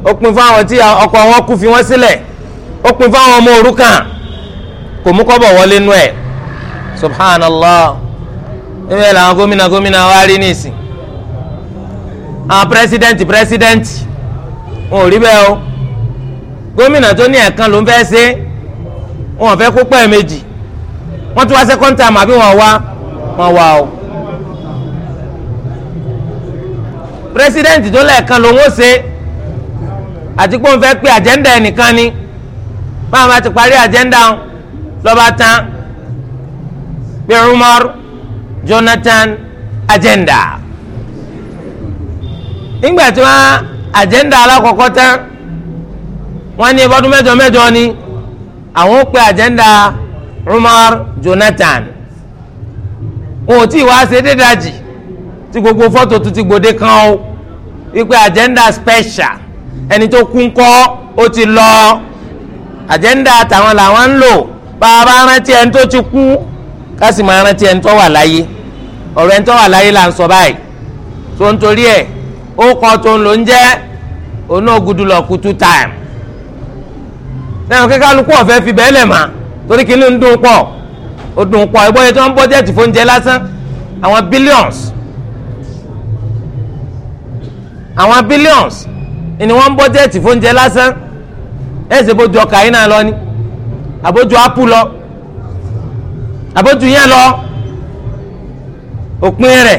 ó pin fún àwọn tí ọkọ wọn kú fi wọn sílẹ̀ ó pin fún àwọn ọmọ òrukàn kò mú kọ́bọ̀ wọlé nú ẹ̀ subhanallah ẹ̀mí ẹ̀ làwọn gómìnà gómìnà wa rí nìsín àwọn pírẹsidẹ́ǹtì pírẹsidẹ́ǹtì wọn ò rí bẹ́ẹ̀ o gómìnà tó ní ẹ̀kan ló ń fẹ́ ṣe wọn fẹ́ kó pẹ́ẹ́ méjì wọ́n tún wá second time àbí wọ́n wá wọ́n wá o pírẹsidẹ́ǹtì tó lẹ́ẹ̀kan ló ń ṣe àti pé òun fẹ́ pé àjẹ́ndà ẹnìkan ni báwọn bá ti parí àjẹ́ndà lọ́ba tán pé Umar Jonathan àjẹ́ndà nígbà tí wọ́n àjẹ́ndà alákọ̀ọ́kọ́ tán wọ́n ní ọdún mẹ́jọ mẹ́jọ ni àwọn ó pe àjẹ́ndà Umar Jonathan wọn ò tí ì wá ṣe dédàjì tí gbogbo fọ́tò tún ti gbòde kan o wípé àjẹ́ndà special ẹni tó kú ńkọ́ ó ti lọ àjẹ́ńdà tàwọn làwọn ń lò bàbá rántí ẹni tó ti kú ká sì máa rántí ẹni tó wà láyé ọ̀rọ̀ ẹni tó wà láyé là ń sọ báyìí tó ń torí ẹ̀ ó kọ́ tó ń lò ń jẹ́ onógudu lọ kú two time lẹ́yìn kí kálukú ọ̀fẹ́ fi bẹ́ẹ̀ lẹ̀ mà torí kí ní ń dún pọ̀ ó dún pọ̀ ẹgbọ́n yẹn tó ń bọ́jẹ́tì fóúnjẹ lásán àwọn billions àwọn billions ni wọ́n ń bọ́jẹ́ẹ̀tì fóúnjẹ lásán ẹ̀ ṣe bójú ọkà yín náà lọ ni àbójú apu lọ àbójú yẹn lọ òpin rẹ̀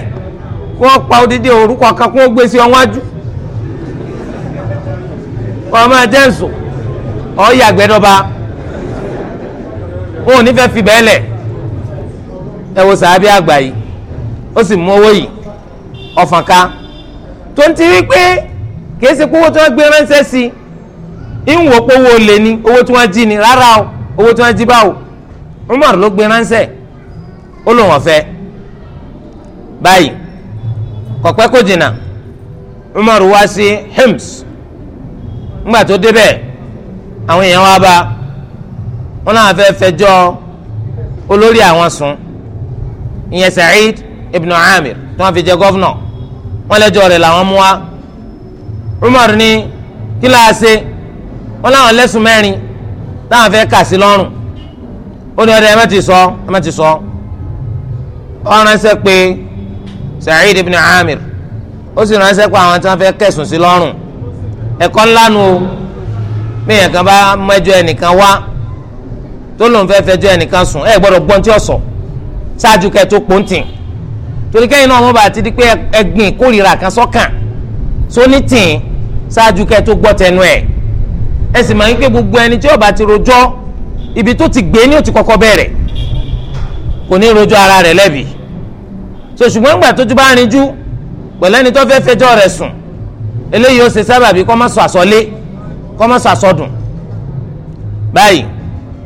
kó wọ́n pa odidi orúkọ kan kó wọ́n gbé sí ọwájú wọ́n máa jẹ́ nsùn ọ̀ọ́yà gbẹ́dọ̀ba wọn fi bẹ́ẹ̀ lẹ̀ ẹ wo àgbà yìí ó sì mú owó yìí tó ń ti rí pé kìí ṣe pé owó tí wọ́n gbé ránṣẹ́ sí i ń wò pé owó olè ni owó tí wọ́n jí ni rárá o owó tí wọ́n jí báwo Umar ló gbé ó lò báyìí kọ̀pẹ́ kò jìnnà Umar wá sí hems ńgbà tó débẹ̀ àwọn èèyàn wá bá wọn náà fẹ́ fẹjọ́ olórí àwọn sùn ìyẹn Sa'id ibn Amir tí fi jẹ gọ́vnọ̀ wọn lẹ́jọ́ rẹ̀ làwọn mú Umar ní kí la ṣe wọn láwọn lẹ́sùn mẹ́rin táwọn fẹ́ kà sí lọ́rùn ó ní ọdẹ ẹ má ti sọ ẹ má ti sọ ọ ránṣẹ́ pé Sa'id ibn Amir ó sì ránṣẹ́ pé àwọn tí wọ́n fẹ́ kẹ̀sùn sí lọ́rùn ẹ̀kọ́ ńlá nu o míyàn kan bá mẹ́jọ ẹnìkan wá tó lóun fẹ́ fẹjọ́ ẹnìkan sùn ẹ gbọ́dọ̀ gbọ́n tí ó sọ ṣáájú kẹ́ tó pọ́ntìn torí kẹ́yìn náà wọ́n bá ti di pé ẹgbìn kan ṣáájú kẹ́ tó gbọ́ tẹnu ẹ̀ ẹ sì máa ń pé gbogbo ẹni tí ó bá ti rojọ́ ibi tó ti gbé ni ó ti kọ́kọ́ bẹ̀rẹ̀ kò ní rojọ́ ara rẹ̀ lẹ́bi so ṣùgbọ́n ìgbà tójú bá rin jú pẹ̀lú ẹni tó fẹ́ fẹjọ́ rẹ̀ sùn eléyìí ó ṣe sábàbí kọ́ má sọ àsọlé kọ́ má sọ àsọdùn báyìí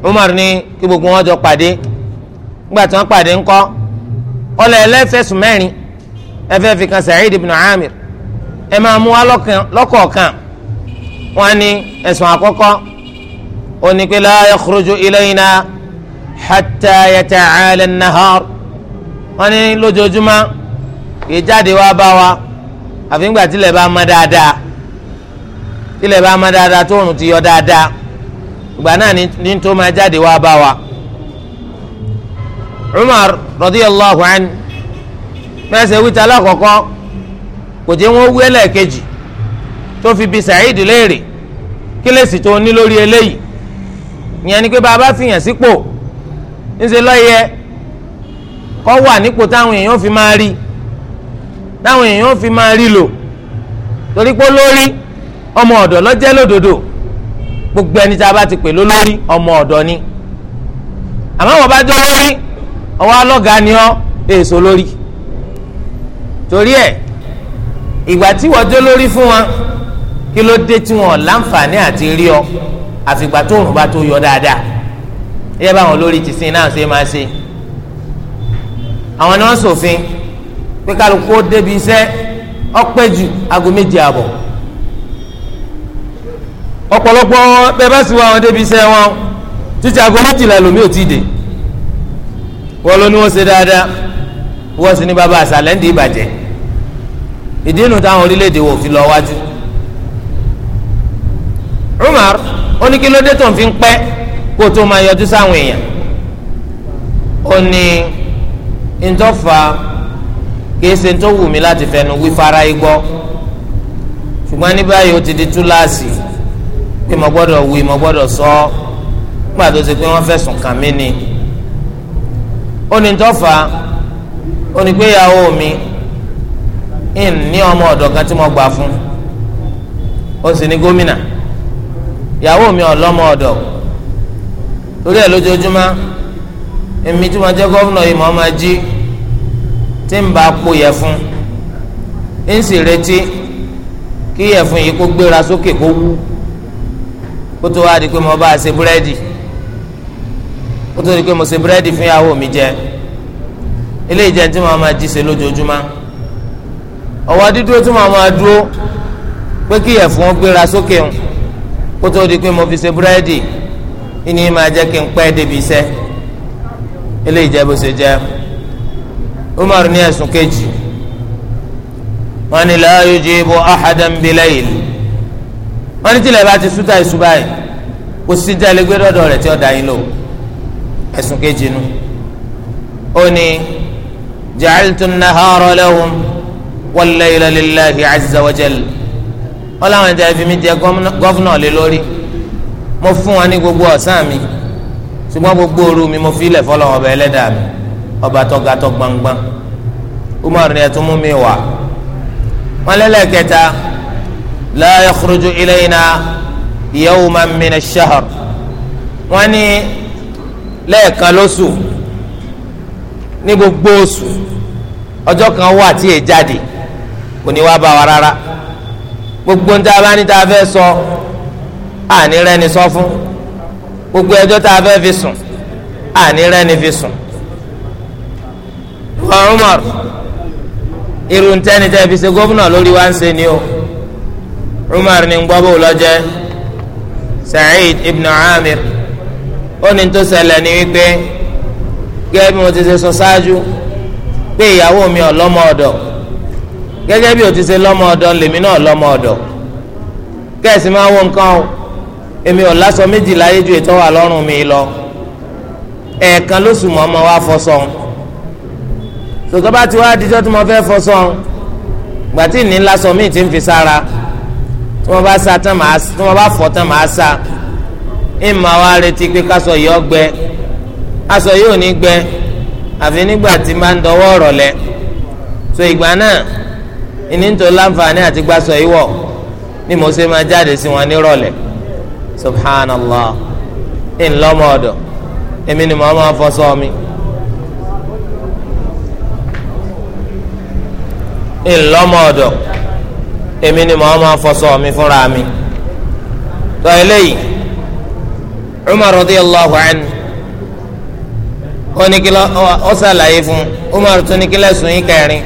Umar ní kí gbogbo wọn jọ pàdé ìgbà tí wọ́n pàdé ńkọ́ ọlọ́ ẹlẹ́fẹ̀sùn mẹ́rin ẹfẹ́ fi kan Sa'id ibn Amir ẹ máa mú wa lọ́kọ̀ọ̀kan wọn ni ẹ̀sùn àkọ́kọ́ ó ní pé la yakhruju ilayna hatta yata'ala an-nahar wọn ni lójoojúmọ́ kì í jáde wá bá wa àfi ńgbà tilẹ̀ bá mọ́ dáadáa tilẹ̀ bá mọ́ dáadáa tóòrùn ti yọ dáadáa ìgbà náà ni tó máa jáde wá bá wa. Umar radiyallahu anhu mẹ́sẹ̀ wíta alákọ̀ọ́kọ́ kò jẹ́ wọ́n wú ẹlẹ́ẹ̀kejì tó fi bi Saheed léèrè kí lè sì tó ní lórí eléyìí ìyẹn ni pé bàbá fìyàn sípò ńṣe lọ́yẹ kọ́ wà nípò táwọn èèyàn fi máa rí táwọn èèyàn fi máa rí lò torí pé lórí ọmọ ọ̀dọ̀ lọ́jẹ́ lódodo gbogbo ẹni tá a bá ti pè lólórí ọmọ ọ̀dọ̀ ni àmọ́ wọn bá jọ lórí ọwọ́ alọ́ga ni ọ èso lórí torí ẹ̀ ìgbà tí wọ́n jó lórí fún wọn kí ló dé tí wọn láǹfààní àti rí ọ àfìgbà tó òrùn bá tó yọ dáadáa ẹ bá wọn lórí tìsín náà ṣe máa ṣe àwọn ni wọn ṣòfin pé kálukú ó débi iṣẹ́ ọpẹ́ jù aago méje àbọ̀ ọ̀pọ̀lọpọ̀ bẹ́ẹ̀ bá sì wá wọn débi iṣẹ́ wọn títí aago méjìlá lomi ò tí ì dé wọn ló ní wọn ṣe dáadáa wọn sì ní bàbá àṣàlẹ̀ ń ìbàjẹ́ ìdí inú táwọn orílẹ̀-èdè wò fi lọ wájú. Umar ó ní kí ló dé tó ń fi ń pẹ́ kó tó máa yọjú sáwọn èèyàn ó ní ntọ́fà kìí ṣe tó wù mí láti fẹnu wí fara igbó ṣùgbọ́n ní báyìí ó ti di túláàsì pé mo gbọ́dọ̀ wí mo gbọ́dọ̀ sọ ọ́ nígbà tó ṣe pé wọ́n fẹ̀sùn kàn mí ni ó ní ntọ́fà ó ní pé ìyàwó mi. ń ní ọmọ ọ̀dọ̀ kan tí mo gbà fún O sì ní gómìnà ìyàwó mi ọlọ́mọ ọ̀dọ̀ torí ẹ̀ lójoojúmọ́ èmi tí mo jẹ́ gómìnà yìí mo máa jí tí ń bá po yẹ fún ń sì retí kí yẹ fún yìí kó gbéra sókè kó wú kó tó di pé mo bá a ṣe búrẹ́dì kó tó di pé mo ṣe búrẹ́dì fún ìyàwó mi jẹ ilé ìjẹun tí mo máa jí ṣe ọwọ́ dídúró tí màá máa dúró pé kí ẹ̀fọn gbéra sókè ń kó tó di pé mo fi ṣe búrẹ́dì ìní máa jẹ́ kí n pẹ́ débi iṣẹ́ eléyìí jẹ́ bó ṣe jẹ́ Umar ní ẹ̀sùn kejì wọ́n ní la yujibu ahadan bilayl wọ́n ní tilẹ̀ bá ti sútà ìṣú báyìí kò sí jẹ́ lẹ́gbẹ́ rẹ̀ tí ó dá yín lò ẹ̀sùn kejì nu ó ní ja'altu an-nahara lahum wal-layla lillahi azza wa jal wọ́n láwọn ẹ̀dá fi mí jẹ gọ́fúnà lé lórí mo fún wọn ní gbogbo ọ̀sán mi ṣùgbọ́n gbogbo òru mi mo fi ilẹ̀ fọlọ́wọ́ ọba ẹlẹ́dàá mi ọba tọ́gatọ́ gbangban umar ni ẹtún mú mi wá wọn lẹ́lẹ̀ kẹta la yakhruju ilayna yawman min ash-shahr wọn ní lẹ́ẹ̀kan lóṣù ní gbogbo oṣù ọjọ́ kan wà tí èè jáde kò ní wá bá wa rárá gbogbo ń tá a bá ní tá a fẹ́ sọ àní rẹ́ni sọ fún gbogbo ẹjọ́ tá a fẹ́ fi sùn àní rẹ́ni fi sùn. wọ́n Umar irun fi ṣe gómìnà lórí wa ń ṣe ni o Umar ni ń gbọ́ bó lọ́jẹ́ Sa'id ibn Amir ó ní tó ṣẹlẹ̀ ní wípé gẹ́gẹ́ bí mo ti ṣe sọ ṣáájú pé ìyàwó mi ọlọ́mọ ọ̀dọ̀ gẹ́gẹ́ bí o ti ṣe lọ́mọ ọ̀dọ̀ lèmi náà lọ́mọ ọ̀dọ̀ kẹ́sì máa wọ nǹkan o èmi ò láṣọ méjì láyé ju ètò wà lọ́rùn mi lọ ẹ̀ẹ̀kan lóṣù mọ́ ọmọ wa fọṣọ tòtọ́ bá ti wá adijọ́ tí mo fẹ́ fọṣọ gbàtí ní láṣọ míì ti ń fi sára tí mo bá sa tán màá tí mo bá fọ tán màá sa ìmọ̀ wa retí pé káṣọ yìí ọgbẹ aṣọ yìí ò ní gbẹ àfi nígbà tí máa ń dọwọ́ ọ̀rọ̀ lẹ so ìgbà náà ìní tó láǹfààní àti gbàsọ yìí wọ̀ ni mo ṣe máa jáde sí wọn nírọ̀lẹ́ subhanallah ńlọmọ ọdọ èmi ni màá máa fọṣọ mi ńlọmọ ọdọ èmi ni màá máa fọṣọ mi fúnra mi tọ́ eléyìí Umar radiyallahu anhu ó ní kí lọ ọ ṣàlàyé fún Umar tún ní kí lẹ́sùn yín kẹrin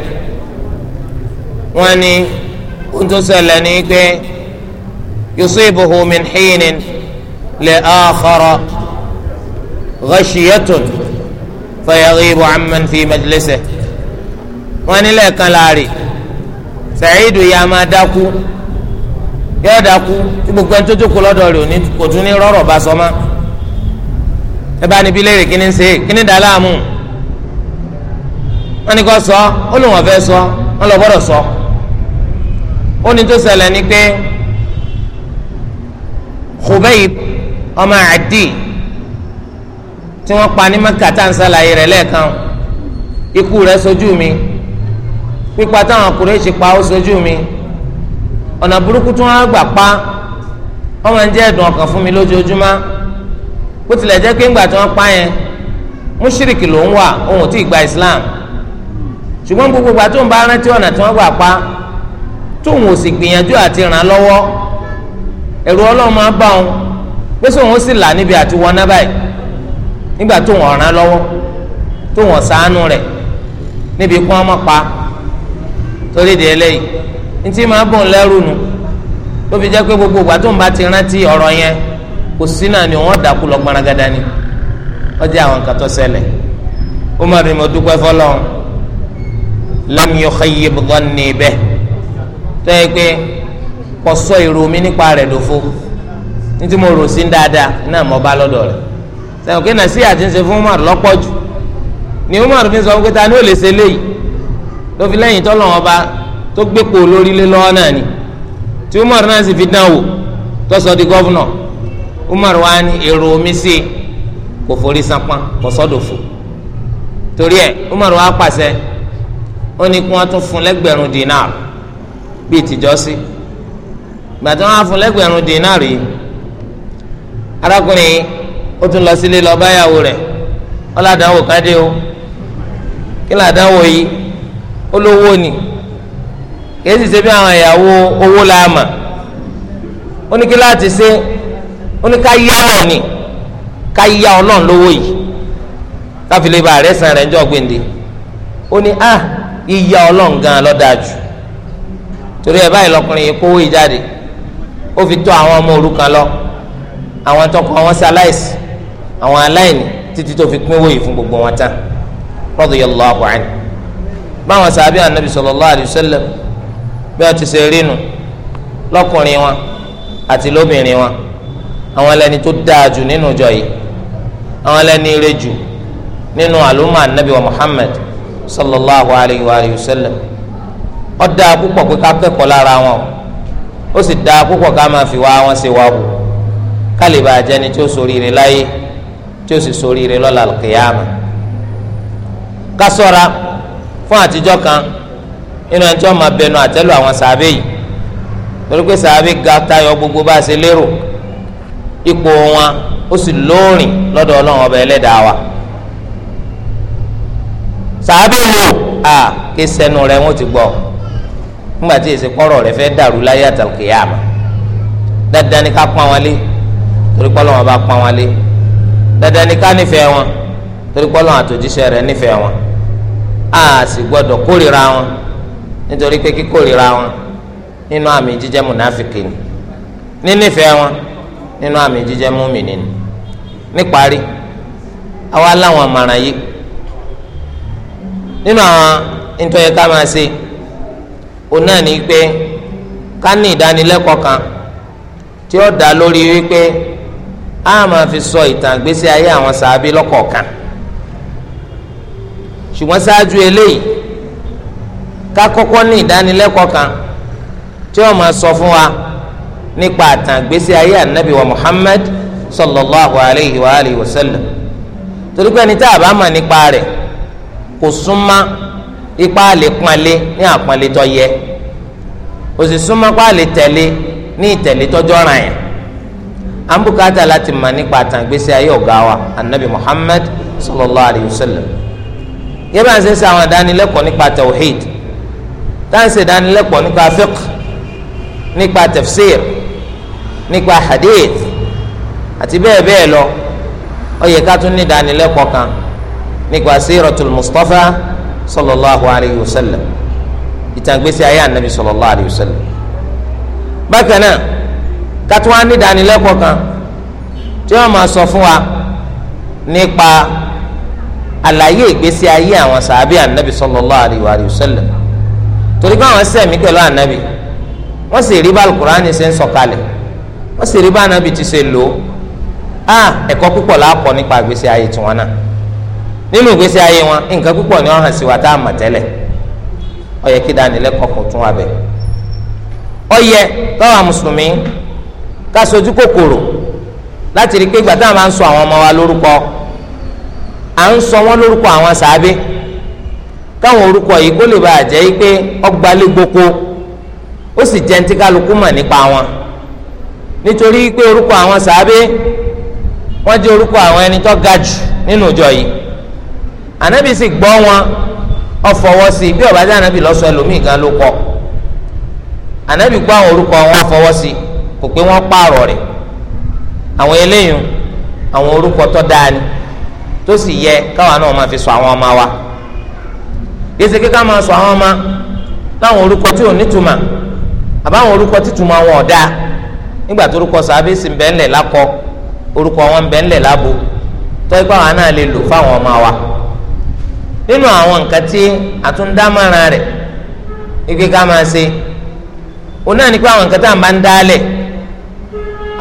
wọ́n ní ohun tó ṣẹlẹ̀ ní pé yusibuhu min hinin li akhara ghashiyatun fayaghibu amman fi majlisih wọ́n ní lẹ́ẹ̀kan láàrin sàyídù yà máa dákú yóò dákú tí gbogbo ẹni tó jókòó lọ́dọ̀ rẹ̀ kò tún ní rọ́rọ̀ bá sọ ma ẹ bá níbi léèrè kí ni ń ni dà láàmú wọ́n ní kò sọ sọ wọ́n lọ gbọ́dọ̀ sọ. So ó ní tó ṣẹlẹ̀ ni pé Khubayb ọmọ Adi tí wọ́n pa ní Mẹ́kà tá à ń ṣàlàyé rẹ̀ lẹ́ẹ̀kan ikú rẹ̀ sojú mi pípa táwọn Kùrẹ́ṣì pa ó sojú mi ọ̀nà burúkú tí wọ́n gbà pa wọ́n ń jẹ́ ẹ̀dùn ọkàn fún mi lójoojúmọ́ bó tilẹ̀ jẹ́ pé ńgbà tí wọ́n pa yẹn mùṣírìkì ló ń wà òun ò tí ì gba Islam ṣùgbọ́n gbogbo ìgbà tó ń bá rántí ọ̀nà tí wọ́n gbà pa tóun ò sì gbìyànjú àti ràn án lọ́wọ́ ẹ̀rù ọlọ́run máa bá òun pé sóun ó sì là níbi àti wọná báyìí nígbà tóun ò lọ́wọ́ tóun ò rẹ̀ níbi kún ọmọ pa torí di eléyìí ntí máa bọ̀ lẹ́rù nu ló fi jẹ́ pé gbogbo ìgbà tóun bá ti rántí ọ̀rọ̀ yẹn kò sí náà ni wọ́n dàkú lọ gbaragada ni wọ́n jẹ́ àwọn nǹkan tó ṣẹlẹ̀ ó má rí mi dúpẹ́ fọlọ́run lam yukhayib tọ yẹ pé kò sọ èrò mi nípa rẹ̀ lófo ní tí mo rò sí dáadáa náà mo bá lọ́dọ̀ rẹ̀ sẹ́wọ̀n kí nàìjíríà ti ń ṣe fún Umar lọ́pọ̀ jù ni Umar fi sọ pé ta ni ó lè ṣe léyìí ló fi lẹ́yìn tọ́lọ̀ wọn bá tó gbépo lórí lé lọ́wọ́ náà ni tí Umar náà sì fi dán wò tó sọ di gọ́vnọ̀ Umar wa ni èrò mi sí kò forí sanpọ́n kò torí Umar wa pàṣẹ ó ní kí wọ́n tún fún lẹ́gbẹ̀rún dinar bíi tìjọ́sí gbàtí wọn fún lẹ́gbẹ̀rún dínárì arákùnrin ó tún lọ sílé lọ báyàwó rẹ̀ ọládàáwò kádé o kí ládàáwò yìí olówó ni kìí sì ṣe bí àwọn ìyàwó owó la mà ó ní kí láti ṣe ó ní ká yá ni ká yá ọlọ́run lówó yìí bá rẹ̀ sàn rẹ̀ ń jọ gbèǹde ó ní ah, jù. torí ẹ báyìí lọkùnrin yìí kówó yìí jáde ó fi tọ́ àwọn ọmọ òrukàn lọ àwọn tọkọ àwọn sáláìsì àwọn aláìní títí tó fi pínwó yìí fún gbogbo wọn tán radiyallahu anhu báwọn sàbí ànábì sallallahu alayhi wa sallam bí wọn ti ṣe rínu lọkùnrin wọn àti lóbìnrin wọn àwọn ẹlẹni tó dáa jù nínú ìjọ yìí àwọn ẹlẹni ire jù nínú àlùmọ ànábì wa Muhammad sallallahu alayhi wa sallam ó dáa púpọ̀ pé ká kẹ́kọ̀ọ́ lára wọn ó sì dáa púpọ̀ ká máa fi wá wọn ṣe wá wò ká lè bàa jẹni tí ó ṣoríire láyé tí ó sì ṣoríire lọ́la kìyàmà ká ṣọ́ra fún àtijọ́ kan nínú ẹni tí wọ́n máa bẹnu àtẹ́lu àwọn sàábé yìí torí pé sàábé ga tayọ gbogbo bá a ṣe lérò ipò wọn ó sì lóòrìn lọ́dọ̀ ọlọ́run ọba ẹlẹ́dàá wa sàábé wò a kí sẹ́nu rẹ̀ wọ́n ti gbọ́ ọ ńgbà tí èsì kọ́rọ̀ rẹ̀ fẹ́ dàrú láyé àtàlùkìyàmà dandan ni ká pọ́n wọn lé torí pé Ọlọ́run bá pọ́n wọn lé dandan ni ká nífẹ̀ẹ́ wọn torí pé Ọlọ́run àtòjíṣẹ́ rẹ̀ nífẹ̀ẹ́ wọn a sì gbọ́dọ̀ kórìíra wọn nítorí pé kíkórìíra wọn nínú àmì jíjẹ́ mùnáfìkì ni nínífẹ̀ẹ́ wọn nínú àmì jíjẹ́ múmìnì ni níparí àwa láwọn àmàràn yìí nínú àwọn nítorí ká máa ṣe òun náà ní pé ká ní ìdánilẹ́kọ̀ọ́ kan tí ó dá lórí wípé a máa fi sọ ìtàn ìgbésí ayé àwọn sàábí lọ́kọ̀ọ̀kan ṣùgbọ́n ṣáájú eléyìí ká kọ́kọ́ ní ìdánilẹ́kọ̀ọ́ kan tí ó máa sọ fún wa nípa àtàn ayé ànábì wa Muhammad sallallahu alayhi wa alayhi wa sallam torí pé ẹni tá a bá mọ̀ nípa rẹ̀ kò súnmọ́ ipa lè pọ́nlé ní àpọ́nlé tó yẹ òsì súnmọ́ pa lè tẹ̀lé ní ìtẹ̀lé tọ́jọ́ ràn yẹn àǹbùkátà láti mọ̀ nípa àtàǹgbèsè ayé ọ̀gá wa anabi muhammad sallallahu alayhi wa sallam yẹ bá ń ṣe ṣe àwọn ìdánilẹ́kọ̀ọ́ nípa tawhid tá ń ṣe ìdánilẹ́kọ̀ọ́ nípa fiqh nípa tafsir nípa hadith àti bẹ́ẹ̀ bẹ́ẹ̀ lọ ó yẹ ká tún ní ìdánilẹ́kọ̀ọ́ kan nípa siratul mustapha sallallahu alayhi wa sallam ìtàgbésí ayé anabi sallallahu alayhi wa sallam bákan náà kátó wá ní ìdánilẹ́kọ̀ọ́ kan tí wọ́n máa sọ fún wa nípa àlàyé ìgbésí ayé àwọn sàábì anabi sallallahu alayhi wa sallam torí pé àwọn ṣẹ̀mí pẹ̀lú anabi wọ́n sì rí bá alukur'ani ṣe ń sọ̀kalẹ̀ wọ́n sì rí bá anabi ti ṣe lò ó ah, ẹ̀kọ́ púpọ̀ láàpọ̀ nípa ìgbésí ayé tiwọn náà. nínú ìgbésí ayé wọn nǹkan púpọ̀ ni wọ́n hàn sí wa tá a mọ̀ tẹ́lẹ̀ ó yẹ kí dánilẹ́kọ̀ọ́ kò tún wa bẹ̀ ó yẹ káwa mùsùlùmí ká sojú kòkòrò láti rí pé ìgbà a máa ń sọ àwọn ọmọ wa lórúkọ à ń sọ wọn lórúkọ àwọn sàábé káwọn orúkọ yìí kó lè bàa jẹ́ pé ó sì jẹ́ ntí kálukú mọ̀ nípa wọn nítorí pé orúkọ àwọn ga nínú ìjọ anabi sì gbọ́ wọn ọfọwọ́ sí bí ọba dé anabi lọ́sọ ẹlòmíì gan ló kọ anabi gbọ́ àwọn orúkọ wọn ọfọwọ́ sí kò pé wọ́n pààrọ̀ rẹ̀ àwọn eléyìí àwọn orúkọ tó dáa ni tó sì yẹ káwa náà máa fi sọ àwọn ọmọ wa yíṣe kíkà máa sọ àwọn ọmọ láwọn orúkọ tí ò nítumọ̀ àbáwọn orúkọ títúmọ̀ àwọn ọ̀dà nígbà tó orúkọ sàbẹ́sì ń bẹ́ńlẹ̀ lákọ orúkọ wọn ń bẹ́ńlẹ̀ lábo tọ́ ipá wa náà lè lò fáwọn ọmọ wa nínú àwọn nǹkan tí àtúndámọ̀ràn rẹ̀ ike ká máa ṣe òun náà ní pé àwọn nǹkan tá à ń bá ń dálẹ̀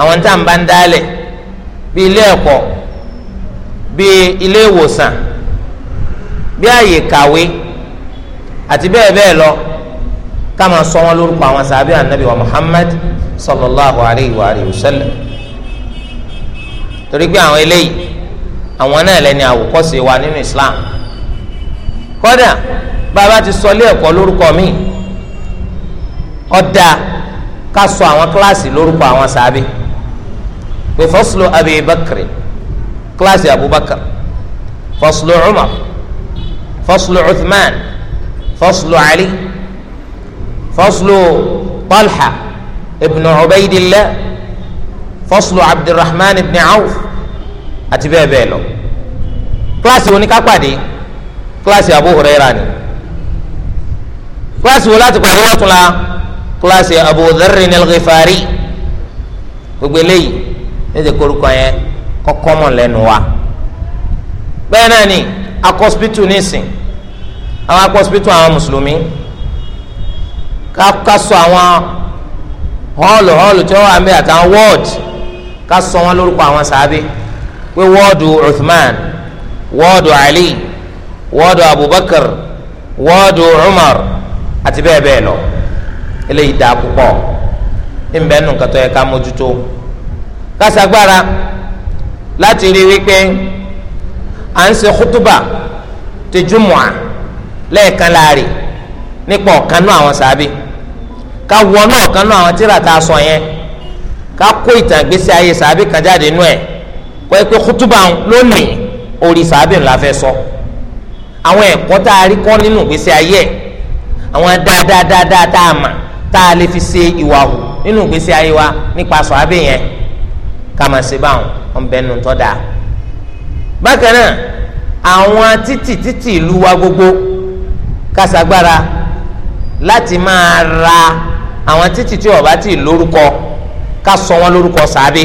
àwọn tá à ń bá ń dálẹ̀ bí ilé ẹ̀kọ́ bí ilé ìwòsàn bí àyè kàwé àti bẹ́ẹ̀ bẹ́ẹ̀ lọ ká máa sọ wọn lórúkọ àwọn sàbí ànábì wa Muhammad sallallahu alayhi wa alayhi wa sallam torí pé àwọn eléyìí àwọn náà lẹni àwòkọ́ṣe wa nínú Islam kọ́dà bàbá ti sọ ilé ẹ̀kọ́ lórúkọ mi ọ̀dà ká sọ àwọn kíláàsì lórúkọ àwọn sàábì pé fọ́sùlù abibakar kíláàsì abubakar fọ́sùlù umar fọ́sùlù uthman fọ́sùlù ali fọ́sùlù talha ibn ubaydillah fọ́sùlù abdulrahman ibn awf àti bẹ́ẹ̀ bẹ́ẹ̀ lọ kíláàsì oníkápàdé kíláàsì Abu Hurairah ni kíláàsì wo láti pàdé wọ́n tún la kíláàsì Abu Dharrin al-Ghifari gbogbo eléyìí ẹ̀jẹ̀ korúkọ yẹn kọ́kọ́ mọ̀ lẹ́nu wa bẹ́ẹ̀ náà ni akọ́sípítù nísìn àwọn akọ́sípítù àwọn mùsùlùmí ká sọ àwọn họ́ọ̀lù họ́ọ̀lù tí wọ́n wà ń àtàwọn wọ́ọ̀dù ká sọ wọn lórúkọ àwọn sàábé pé wọ́ọ̀dù Uthman wọ́ọ̀dù Ali wọ́ọ̀dù abubakar wọ́ọ̀dù umar àti bẹ́ẹ̀ bẹ́ẹ̀ lọ eléyìí dáa púpọ̀ ńbẹ́ nù kàtọ́ yẹ ká mójútó kásagbára láti rí wípé à ń ṣe kútúbà ti júmùà lẹ́ẹ̀kan láàrin nípa ọ̀kan àwọn sàábì ká wọnú ọ̀kan àwọn tíra tá a sọ yẹn ká kó ìtàn ayé sàábì kan jáde nú ẹ̀ pé kútúbà lónìí orí sàábì ńlá fẹ́ sọ. So àwọn ẹ̀kọ́ tá a rí kọ́ nínú ìgbésí ayé ẹ̀ àwọn dáadáadáa tá a mà tá a lè fi ṣe ìwà hù nínú ìgbésí ayé wa nípa sọ̀hábì yẹn ká máa ṣe báwọn ọ̀nbẹ́nu tọ́ da. bákan náà àwọn títì títì ìlú wa gbogbo kásagbára láti máa ra àwọn títì tí ó bá ti lórúkọ ká sọ wọn lórúkọ sàábì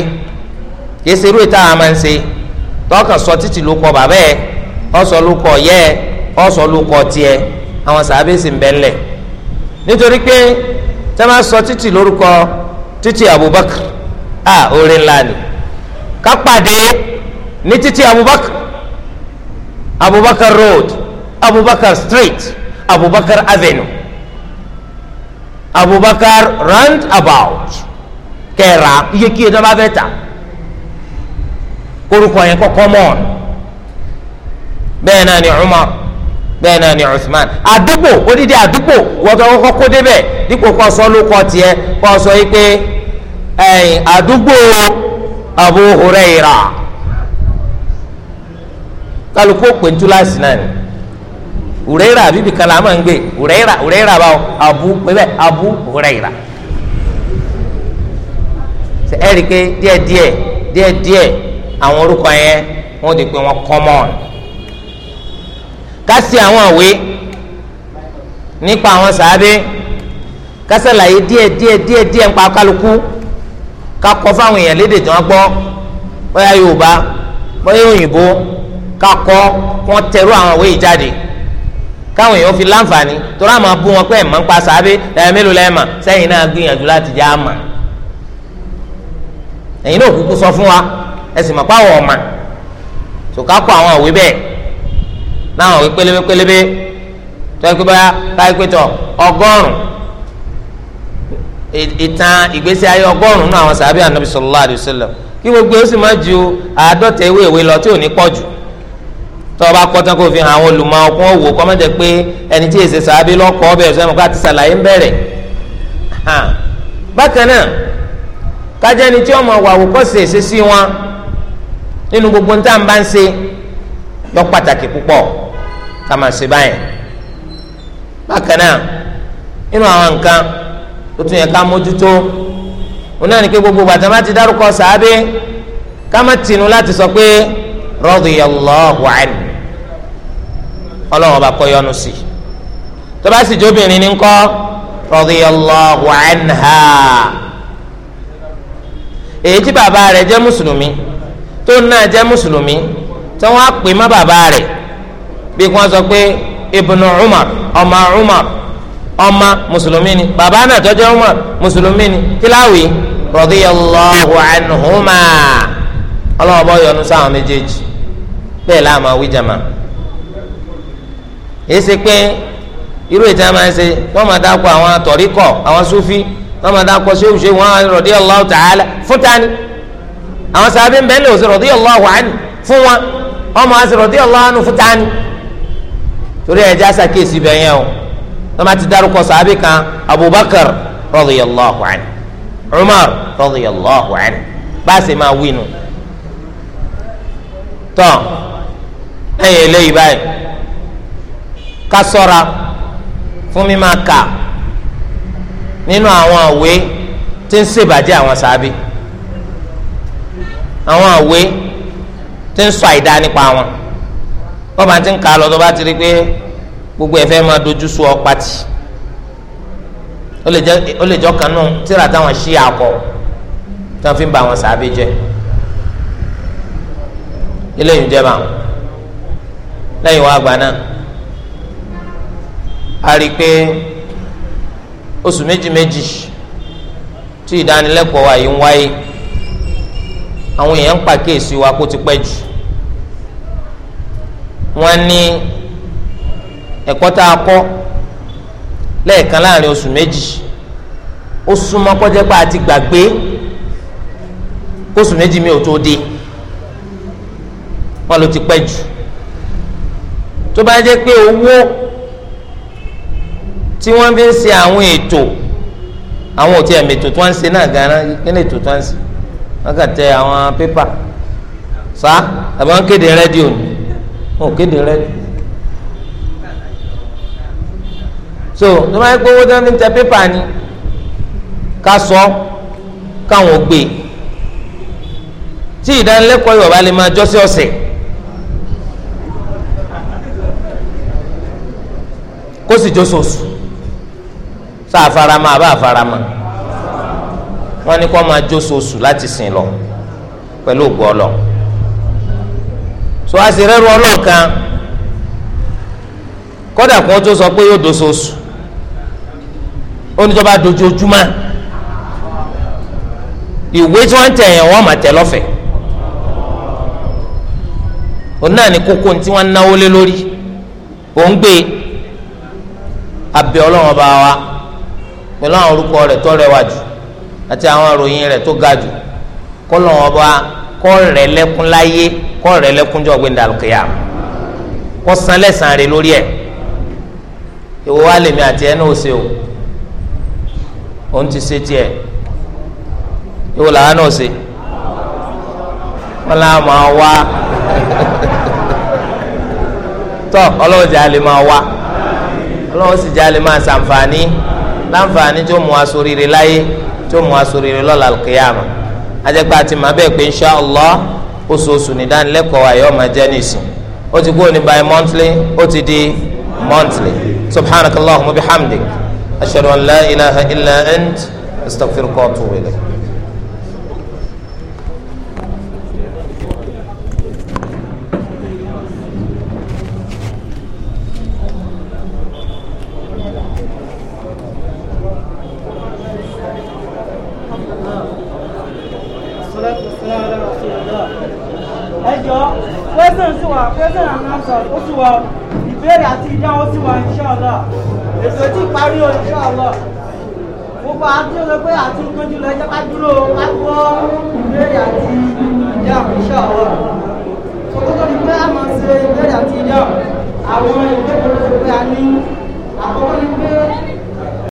yẹsẹ irú ìta àwọn máa ń ṣe tọkàn sọ títì ló bàbá ẹ ọsọ ló yẹ ẹ ọsọ lukọ tiẹ àwọn sàbẹ sì ń bẹ ńlẹ nítorí pé tẹ máa sọ títì lórúkọ títì Abubakar a orin ńlá ni kápàdé ní títì Abubakar Abubakar road Abubakar street Abubakar avenue Abubakar round about kẹra iye kí ẹjọ́ bá fẹ́ ta orúkọ yẹn kọ́kọ́ mọ́ bẹ́ẹ̀ náà ni Umar bẹ́ẹ̀ náà ni Usman àdúgbò odidi àdúgbò wọ́tọ̀ kọ́kọ́ kó débẹ̀ dípò kọ́ sọ ló kọ́ tiẹ̀ kọ́ sọ yìí pé ẹ̀yìn àdúgbò Abu Huraira kálukú pè ń túláàsì náà ni Huraira bíbí kan là máa ń gbé Huraira Huraira báwo Abu pẹ́bẹ́ Abu Huraira ẹ̀rí pé díẹ̀díẹ̀ díẹ̀díẹ̀ àwọn orúkọ yẹn wọ́n ti pè wọ́n common kásì àwọn òwe nípa àwọn sàábé kásàlàyé díẹ̀ díẹ̀ díẹ̀ díẹ̀ nípa kálukú kakọ fáwọn èèyàn lédè tí wọn gbọ́ bóyá Yorùbá bóyá òyìnbó kakọ wọn tẹrú àwọn òwe yìí jáde káwọn èèyàn fi láǹfààní torí àwọn abú wọn pé ẹ̀ máa ń pa sàábé ẹ̀ mélòó lẹ́ẹ̀ mà sẹ́yìn náà gbìyànjú láti já àmà ẹ̀yin náà kúkú sọ fún wa ẹ̀ sì mọ̀ pé àwọn ọ̀mà tòkákọ̀ àwọn òwe bẹ́ẹ̀ náà wí pélébé pélébé tọ́jú pé báyà báyà pé tọ ọgọ́rùn ìtàn ìgbésí ayé ọgọ́rùn náà àwọn sàbí ma sallallahu alaihi wasallam kí gbogbo ó sì má ju àádọ́ta ewé ìwé lọ tí ò ní pọ̀ fi hàn àwọn olùmọ̀ ọkùn òwò kọ́ pé ẹni tí èsè sàbí ọbẹ̀ ẹ̀sọ́ ẹ̀mọ́ká ti sàlàyé ń bẹ̀rẹ̀ bákan náà kájẹ́ tí èsè sí wọn nínú gbogbo tá púpọ̀ ká máa ṣe báyẹn bákan náà nínú àwọn nǹkan tó tún yẹ ká mójútó òun náà ní pé gbogbo bàtà má ti dárúkọ sàábé ká má tinú láti sọ pé radiyallahu anhu ọlọ́run ọba kọ́ yọ́nú sí tó bá sì jóbìnrin ní ńkọ́ radiyallahu anha èyí tí bàbá rẹ̀ jẹ́ mùsùlùmí tó náà jẹ́ mùsùlùmí tí wọ́n á pè má bàbá rẹ̀ bí wọ́n sọ pé ibnu umar ọmọ umar ọmọ mùsùlùmí ni bàbá náà tó jẹ́ umar mùsùlùmí ni kíláwì radiyallahu anhuma ọlọ́wọ́ bọ́ yọ́nú sáwọn méjèèjì bẹ́ẹ̀ láàmú awíjàmá èyí ṣe pé irú ìtàn máa ń ṣe wọ́n máa dáko àwọn àtọ̀ríkọ̀ àwọn súfí wọ́n máa dáko ṣéwù ṣéwù wọn radiyallahu ta'ala fún tani àwọn sábẹ́ ń bẹ́ẹ̀ lè ṣe radiyallahu anhu fún wọn wọ́n máa ṣe radiyallahu fún tani torí ẹja ṣàkíyèsí bẹ yẹn o wọn bá ti dárúkọ sàábì kan abubakar radiyallahu anhu umar radiyallahu anhu bá a sì máa wí nu tọ ẹyìn eléyìí báyìí ká ṣọ́ra fún mi máa kà nínú àwọn àwé tí ń ṣèbàjẹ́ àwọn sàábì àwọn àwé tí ń sọ àìdá nípa wọn wọ́n máa ti ń ka lọ tó bá ti rí pé gbogbo ẹ̀fẹ́ máa dojú sú ọ pati ó lè jọ kanú tíra táwọn ṣí àkọ tí wọ́n fi ń ba àwọn sàábé jẹ eléyìí jẹ́ báwọn lẹ́yìn wá àgbà náà a rí i pé oṣù méjì méjì tí ìdánilẹ́kọ̀ọ́ wa yìí ń wáyé àwọn èèyàn ń pàkíyèsí wa kó ti pẹ́ jù wọ́n ní ẹ̀kọ́ tá a kọ́ lẹ́ẹ̀kan láàrin oṣù méjì ó súnmọ́ kọjá pé a ti gbàgbé kóṣù méjì mi ò tó dé wọ́n ló ti pẹ́ jù tó bá jẹ́ pé owó tí wọ́n fi ń ṣe àwọn ètò àwọn òtí ẹ̀mí ètò tí wọ́n ń ṣe náà gan-an kí ètò tí wọ́n ń ṣe wọ́n kà tẹ àwọn pépà sá àbí wọ́n kéde rédíò ni wọn ò kéde rẹ so ní wọn gbé owó dání tẹ pépà ni ká sọ káwọn gbé tí ìdánilẹ́kọ̀ọ́ Yorùbá lè máa jọ́sí ọ̀sẹ̀ kó sì jọ́sọ̀ọ̀sù sá àfarama àbá àfarama wọn ni kó máa jọ́sọ̀ọ̀sù láti sìn lọ pẹ̀lú ògbọ́ ọlọ́ọ̀. tó a sì rẹ́rù ọlọ́ọ̀kan kọ́dà kan tó sọ pé yóò doṣooṣù ó dojoojúmọ́ ìwé tí wọ́n ń tẹ̀ yẹn wọ́n máa tẹ̀ lọ́fẹ̀ẹ́ òun náà ní kókó tí wọ́n ń náwó lé lórí òun gbé abẹ àti àwọn àròyìn rẹ̀ tó ga jù kọ́ kọ́ rẹ̀ lẹ́kúnjọ́ gbẹ̀ndà kìyàm kọ́ san lórí ẹ̀ ìwọ wa lèmi àti náà o òun ti ṣe tiẹ̀ ìwọ làwa náà ṣe wọn là máa wá tọ́ ọlọ́wọ́ ti àlè máa wá ọlọ́wọ́ sì jẹ́ àlè máa ṣàǹfààní láǹfààní tó mú asoríire láyé tó mú oṣooṣù ní ìdánilẹ́kọ̀ọ́ ayé ọmọ jẹ́ nìsín ó ti kúrò ní by monthly ó ti di monthly subhanakallahumma bihamdik ashhadu an la ilaha illa ant astaghfiruka wa gbogbo àti ọ̀rọ̀ pé àti ìkanjú lọ ẹjọ́ ká dúró ká ìbéèrè àti ìdáhùn iṣẹ́ ọ̀rọ̀ kókó ni pé a máa ṣe ìbéèrè àti ìdáhùn àwọn ìbéèrè tó pé a ní àkọ́kọ́ ni pé